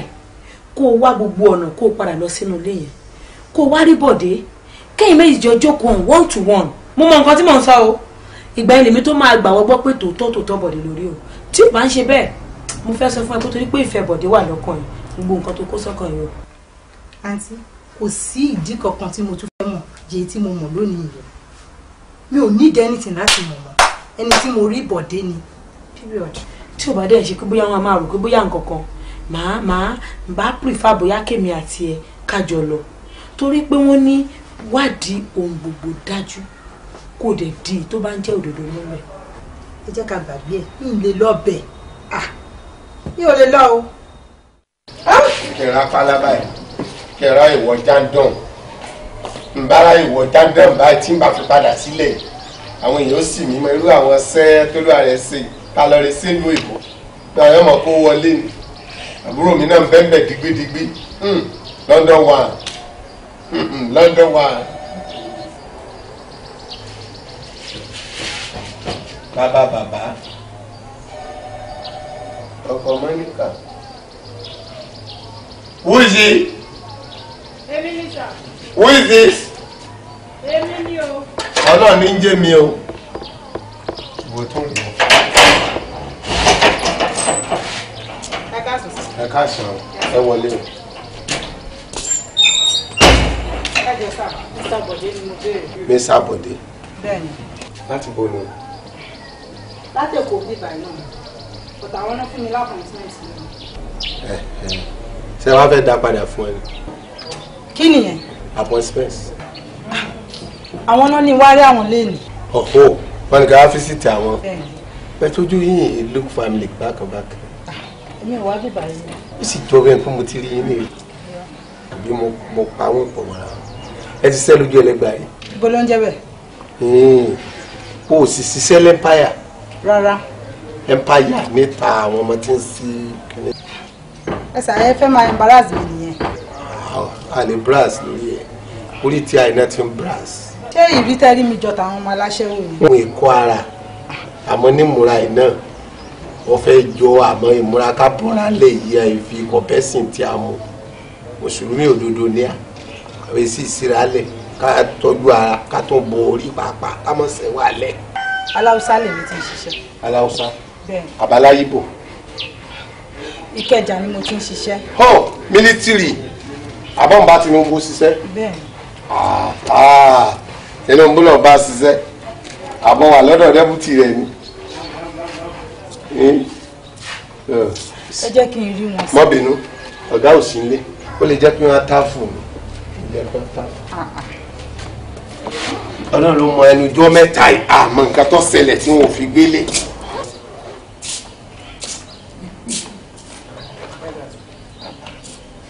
kó o wá gbogbo ọ̀nà kó o padà lọ sínú ilé yẹn kó o wá rí bọ̀dé kẹ́yìn méjì jọ jókòó on one to one mo mọ nǹkan tí mò ń sọ o ìgbà yẹn lèmi tó máa gbà wọ́gbọ́ pé tòótọ́ tòótọ́ bọ̀dé lórí o tí o bá ń ṣe bẹ́ẹ̀ mo fẹ́ sọ fún ẹ pé torí pé ìfẹ́ bọ̀dé wà lọ́kàn yìí gbogbo nǹkan tó kó sọ́kàn yìí o. àǹtí kò sí ìdí kankan tí mo tún fẹ́ mọ̀ jẹ́ tí mo mọ̀ lónìí yìí mi ò ní dẹ́nìtì láti mọ̀ mọ́ ẹni tí mo rí bọ̀dé ni period. tí ò bá dẹ̀ ṣe pé bóyá wọn máa rò pé bóyá nǹkan kan màá màá bá prefer bóyá kémi àti ẹ kájọ lọ torí pé wọ́n ní wádìí ohun gbogbo dájú kò dẹ̀ di tó bá ń jẹ́ òdodo lọ́wọ́ ẹ̀. ẹ jẹ́ ká gbàgbé ẹ̀ mi lè lọ bẹ̀ ah mi ò lè lọ o kẹ̀rà pálábá yìí kẹ̀rà ìwọ dandan nbára ìwọ dandan báyìí tí n bá fi padà sílẹ̀ àwọn èèyàn sì mí mọ irú àwọn sẹ́ tólúwa rẹ̀ ṣe ta lọ rẹ̀ ṣe ìlú ìbò náà yọmọ kó wọlé ni àbúrò mi náà ń bẹ́ẹ̀ bẹ́ẹ̀ digbidigbi hmm, London one hmm, hmm, London one. bàbá bàbá ọkọ mọ́nìkà. Who is he? Èmi Who is this? Èmi ni o. Ọlọ́run ní ń jẹ́ mi o. Ìwé tó rí o. Ẹ káàsán. Ẹ káàsán. Ẹ wọlé o. Ẹ jẹ́ sà, Mr. Bọ̀dé ni mo béèrè. Mr. Bọ̀dé. Bẹ́ẹ̀ni. Láti bo ni? Láti Èkó bíbá náà. Bọ̀dà àwọn náà fún mi lápò ṣe wá fẹ́ dá padà fún ẹ ni. kí nìyẹn. appointment. Ah, àwọn náà ní wárí àwọn léèlì. ọ̀hún oh oh, ká fíṣítì àwọn pẹ̀tọ́jú yìnyín look family bákan bákan. look ah, ò back bíbá back. ó sì jọ bẹ́ẹ̀ pé mo ti rí yín nìyí àbí mo pa àwọn pọ̀ mọ́ra ẹ ti sẹ́ lójú ẹlẹ́gbàá yìí. ibo ló ń jẹ́ bẹ́ẹ̀. Hmm, o ò sì ṣiṣẹ́ lẹ́mpáyà. rárá. ẹ̀mpáyà níta àwọn ẹ ṣàyẹ fẹ́ máa embarrass mi nìyẹn. a lè brass lórí ẹ orí tí àìná ti ń brass. ṣé ìrí tẹ́rí mi jọ tàwọn ọmọ aláṣẹ́wò ni. ohun èkó ara àmọ́ nímúra ẹ̀ náà wọ́n fẹ́ jọ àmọ́ ìmúra kápọ́nra lè yẹ ìfi kọ̀bẹ́sìn tí a mú mùsùlùmí òdodo ní à àwọn èsì ìsiralẹ̀ ká tọ́jú ara ká tó bo orí pàápàá ká mọ̀ sẹ́wọ́ alẹ́. aláùsá lèmi ti ń ṣiṣẹ́. aláùsá abala ibo. Ìkẹjà ni mo ti ń ṣiṣẹ́. hàn mílítìrì àbọ̀nba Tinubu ṣiṣẹ́. bẹ́ẹ̀ni. Tinubu náà bá ṣiṣẹ́ àbọ̀ wà lọ́dọ̀ dẹ́bùtì rẹ̀ ni. ẹ jẹ́ kí n rí wọn. má bínú ọ̀gá ò sí nílé ó lè jẹ́ pé wọ́n á tá fún mi. ọlọ́run ló mọ ẹnu jọ́ mẹ́ta àmọ́ nǹkan tó ṣẹlẹ̀ tí wọ́n ò fi gbélé.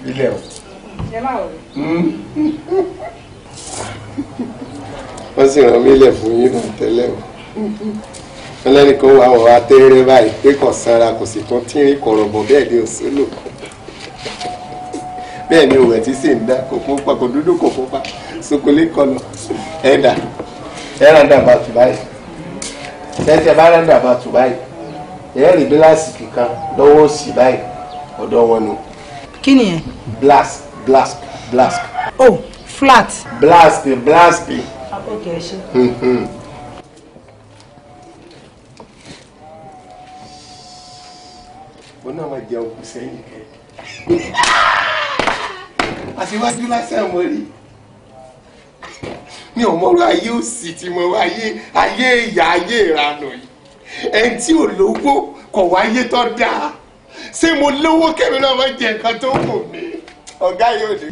ilẹ̀ o. Hmm? wọ́n sì rán mi ilẹ̀ fún yín náà tẹ́lẹ̀ o ẹlẹ́nìkan wà wọ́n wá tẹ́rẹ́ báyìí pé kò sanra kò sì tún tírín kọ̀rọ̀bọ̀ bẹ́ẹ̀ ni òṣèlú bẹ́ẹ̀ ni òwẹ̀ tí sì ń dá kò fún pa kò dúdú kò fún pa sokolé kọlọ ẹ̀dà ẹ̀ràndà bá tù báyìí tẹ́tẹ́ bá ràndà bá tù báyìí ẹ̀rì bíláàsì kíkan lọ́wọ́ òsì báyìí ọ̀dọ̀ wọn nù kí nìyẹn. blast. blask blask. oh flat. blasting blasting. ok ẹ ṣe. Hmm, hmm. mo náà máa jẹ òkú sẹ́yìn kẹ́ àṣewájú lásán mo rí mi ò mọ̀rọ̀ ayé òsì tí mo wá ayé ayé ìyá ayé ìranù yìí ẹni tí ò lówó kọ̀ wáyé tó dáa ṣé mo lówó kẹ́mi náà máa jẹ nǹkan tó wù mí ọ̀gá yóò dé.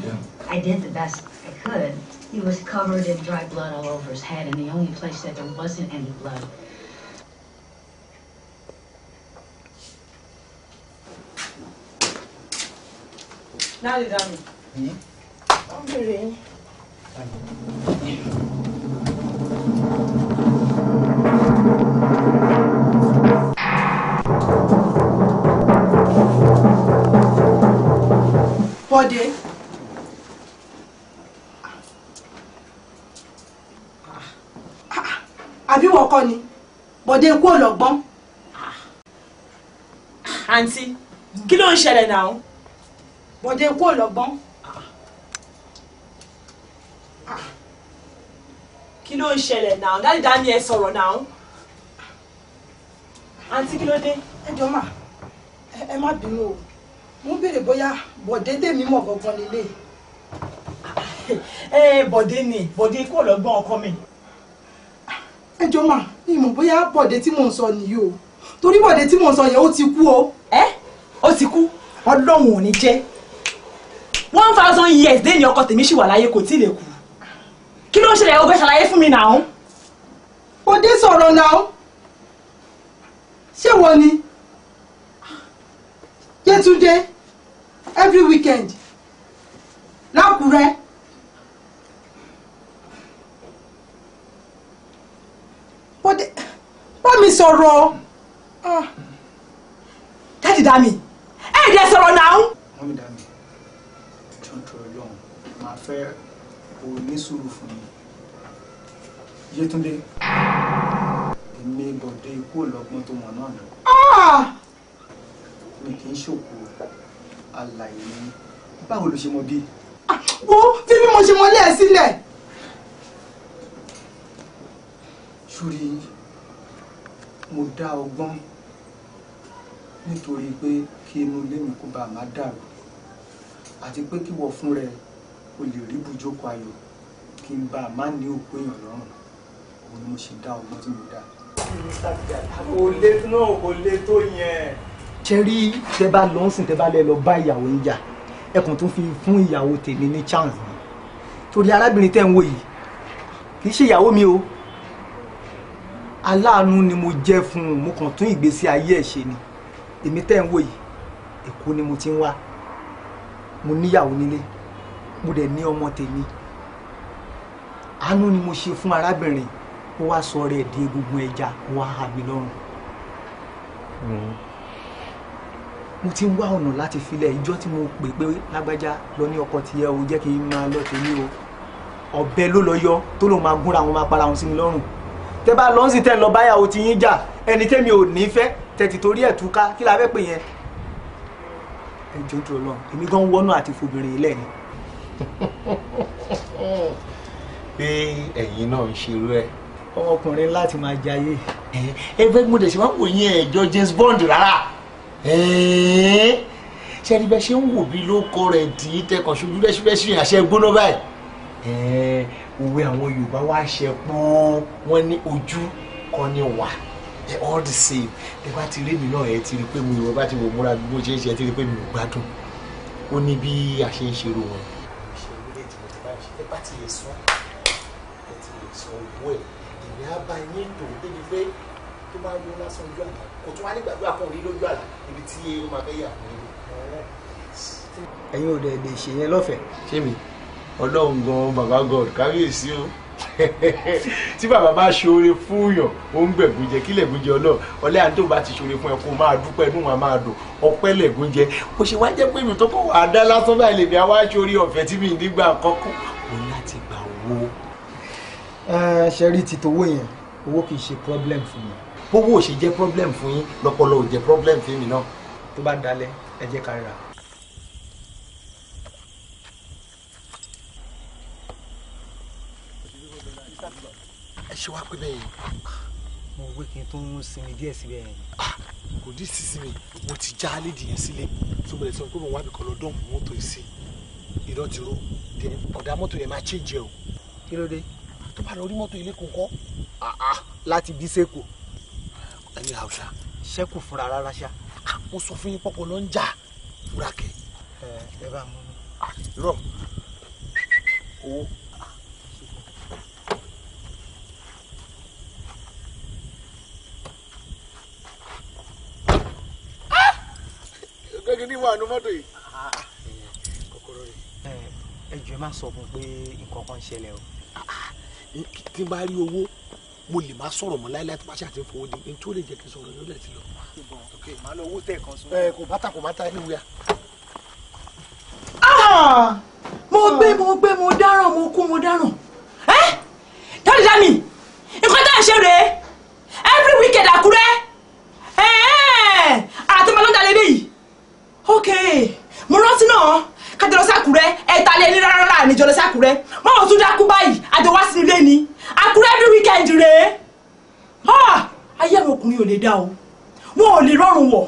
I did the best I could. He was covered in dry blood all over his head, and the only place that there wasn't any blood Now you're done. Mm-hmm. Bọ́dé. Àbí wọ́n kọ́ ni? Bọ́dé kú ọ̀lọ́gbọ́n. Àǹtí, kí ló ń ṣẹlẹ̀ náà? Bọ́dé kú ọ̀lọ́gbọ́n. Kí ló ń ṣẹlẹ̀ náà? Dáàdì dání ẹ sọ̀rọ̀ náà. Àǹtí kí ló dé? Ẹ jọ mà, ẹ má bínú o mo béèrè bóyá bọ̀dé tèmi mọ̀ gangan lélẹ̀. ẹ eh, bọ̀dé ni bọ̀dé kò lọ́gbọ́n ọkọ mi. ẹ jọ mà ní ìmọ̀ bóyá bọ̀dé tí mò ń sọ nìyí o torí bọ̀dé tí mò ń sọ yẹn ó ti kú o. ẹ eh? ó ti kú ọlọ́run ò ní jẹ́ one thousand years dé ni ọkọ tèmi ṣì wà láyé kò tí ì lè kú kí ló ń ṣẹlẹ̀ ọgbẹ́ ṣàlàyé fún mi náà. bọ̀dé sọ̀rọ̀ náà ṣé wọ́n ni yétúndé every weekend lákùrẹ́. bọ́dẹ bá mi sọ̀rọ̀ dáàdì ah. dá mi ẹ̀ ẹ̀ dẹ̀ sọ̀rọ̀ náà. wọ́n mi dá mi jọ̀ọ́ tọrọ lọ́hùn máa fẹ́ kó o ní sùúrù fún mi yétúndé èmi bọ̀dé ikú ọlọ́gbọ́n tó mọ̀ náà lọ ah. mi kì í ṣòkò àlàyé báwo ló ṣe mọ bí. Ah, wo fi bí mo ṣe mọ lé ẹ sílẹ̀. sórí mo dá ọgbọ́n nítorí pé kí inú ilé mi kó bàa má dàrú àti pé kí wọ́n fún rẹ o lè rí bùjókòó ayọ̀ kí n bàa má ní òkú èèyàn lọ́rùn òun ni mo ṣe dá ọgbọ́n tí mo dá. olè náà kò lè tó yẹn ṣe rí tẹ bá lọ ń sìn tẹ bá lẹ lọ bá ìyàwó ń jà ẹkùn tó fi fún ìyàwó tèmi ní chance ni torí arábìnrin tẹ́ ń wò yìí kì í ṣe ìyàwó mi o aláàánú ni mo jẹ́ fún un mo kàn tún ìgbésí ayé ẹ̀ ṣe ni èmi tẹ́ ń wò yìí èkó ni mo ti ń wá mo níyàwó nílé mo dẹ̀ ní ọmọ tèmi àánú ni mo ṣe fún arábìnrin ó wá sọ rẹ̀ di egungun ẹja wá hà lọ́rùn. Hmm mo ti ń wá ọ̀nà láti filẹ̀ ìjọ tí mo pè pé lágbájá lọ ní ọkọ tìyẹ o jẹ́ kí n máa lọ tèmi o ọ̀bẹ ló lọ yọ tó lóun máa gúnra àwọn máa para àwọn sí mi lọ́rùn tẹ bá lọ́n sì tẹ́ lọ báyàwó ti yín jà ẹni tẹ́mi ò ní fẹ́ tẹ̀tì torí ẹ̀ túká kí la fẹ́ pè yẹn ẹ jọ dúró lọ èmi gan wọnú àti fobìnrin ilẹ̀ ni. pé ẹ̀yin náà ń ṣerú ẹ̀ ọmọkùnrin láti máa jayé. ẹ fẹ́ gbọ́dọ̀ ṣe wá wòye ẹ̀jọ́ James Bond rárá ṣe ni bẹ ṣe ń wò bí ló kọ rẹ̀ tì í tẹkàn ṣojú lẹ́sùlẹ́sù yẹn àṣẹ gbóná báyìí òwe àwọn Yorùbá wá ṣe pọ́n wọn ní ojú kan ní wà all the same ẹ bá ti rí mi náà ẹ ti rí pé mo ìwọ bá ti wò múra bí mo ṣe ń ṣe ẹ ti rí pé mi ò gbádùn ó ní bí a ṣe ń ṣerú wọn. ẹ bá ti lè sọ ẹ ti lè sọ owó ẹ ìyá bá yín dùn débi pé máa ń lo lásán ojú àlá kò tún wá nígbàgbọ́ àkànrí lójú àlá ibi tí ó máa fẹ́ yà fún yín. ẹ̀yin ò dẹ̀ lè ṣe yẹn lọ́fẹ̀ẹ́. ṣé mi ọlọ́run gan bàbá god kábíyèsí o tí bàbá bá ṣoore fún yàn ó ń gbẹ̀gúnjẹ kí lẹ̀gúnjẹ ọlọ́ọ̀ ọlẹ́ àti tó bá ti ṣoore fún ẹ kó máa dúpẹ́ inú wa máa dùn ọpẹ́ lẹ̀gúnjẹ kò ṣe wá jẹ́ pé mi tó kọ́ wàá dá lásán báyìí lèmi àwa ṣoore ọ̀fẹ́ tí mi nígbà kọ́kọ́ mo láti gbà wo. ṣe rí ti yẹn owó kì í ṣe problem fún mi bówó ò ṣe jẹ́ problem fún yín lọ́pọlọ ò jẹ́ problem fún mi náà. tó bá dalẹ̀ ẹ jẹ́ ká rà. ẹ ṣe wá pé bẹ́ẹ̀ yẹn. mo wé kí n tó ń sinmi díẹ̀ síbẹ̀ ah, kò dí sísinmi mo ti já lédi yẹn sílé tó bẹ̀rẹ̀ sọ pé mo wá bìkan lọ dán mọ́tò yìí sí ìdọ̀tí ro ọ̀dà mọ́tò yẹn máa ṣèjẹ o. kí ló dé. tó bá lọ rí mọ́tò ilé kò kọ́ ah, ah, láti bí sẹ́kọ̀ọ́ ẹ̀yin haúsá ṣẹ́kù fúnra rárá ṣá ah, mo sọ fún yín pọ́pọ́ ló ń jà búrakẹ́. ẹ ẹ bá mú mi. Ah, irọ́ owó. gẹ́gẹ́ ah! ní wàánu mọ́tò yìí. kòkòrò rẹ̀. ẹ jọ̀ọ́ má sọ fún un pé nǹkan kan ń ṣẹlẹ̀ o. tí n bá rí owó mo lè má sọ̀rọ̀ mọ́ láíláí tó bá ṣe àti fowó di ní tó lè jẹ́ kí n sọ̀rọ̀ lọ́dẹ̀ ti lọ. màá lọ owó tẹ̀ kan sọ. ẹ kò bá ta kò bá ta ẹniwìyà. Ah! mo gbé mo gbé mo dáràn mo kú mo dáràn ẹ dáàdì nǹkan tá à ṣe rèé every weekend àkúrẹ́ àti malọ́dà lélẹ́yìí ok mo rántí náà kẹtẹ lọ sí àkúrẹ́ ẹ̀ta lé ní rárá rárá níjọ lọ sí àkúrẹ́ tún dákú báyìí àjọ wá sí ilé ni àkúrẹ́ every weekend rèé ayé àwọn ọkùnrin ò lè dá o wọn ò lè rọrùn wọ̀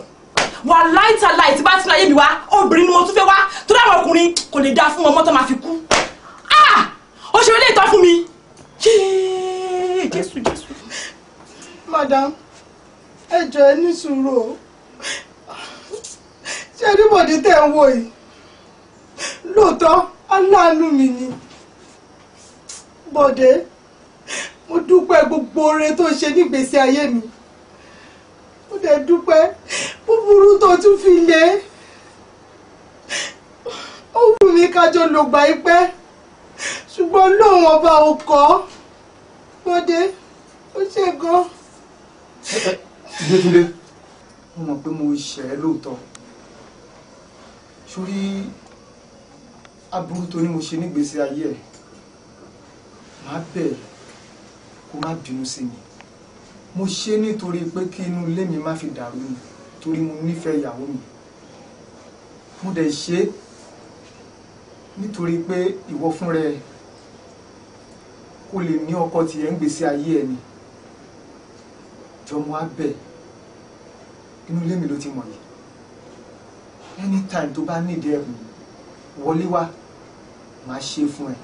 wà láìta láì bá tún ayé mi wá obìnrin ni mo tún fẹ́ wá torí àwọn ọkùnrin kò lè dá fún ọmọ tó máa fi kú ó ṣe ilé ìtọ́ fún mi jésù jésù. madam ẹ jọ ẹ ní sùúrù o ṣé anybody tẹ́ ń wò yìí lóòótọ́ aláàánú mi ni bọ̀dé mo dúpẹ́ gbogbo oore tó ṣe nígbésí ayé mi mo dẹ̀ dúpẹ́ búburú tó tún fi lé ó wù mí kájọ lògbà ipẹ́ ṣùgbọ́n bá ọba ò kọ́ bọ̀dé ó ṣe gan. Gbẹ́túndé, mo mọ̀ pé mo ṣẹ̀ ẹ́ lóòótọ́. aburú tó ní mo ṣe nígbésí ayé ẹ̀ màá bẹ̀ kó má bínú sí mi mo ṣe nítorí pé kí inú ilé mi má fi dàrú mi torí mo nífẹ̀ẹ́ ìyàwó mi mo dẹ̀ ṣe nítorí pé ìwọ fúnra ẹ kó lè ní ọkọ tìyẹ ń gbèsè ayé ẹ ni jọmọ abẹ inú ilé mi ló ti mọ̀ yìí anytime tó bá nídìí ẹ̀bùn wọlé wá. 蛮辛苦嘞。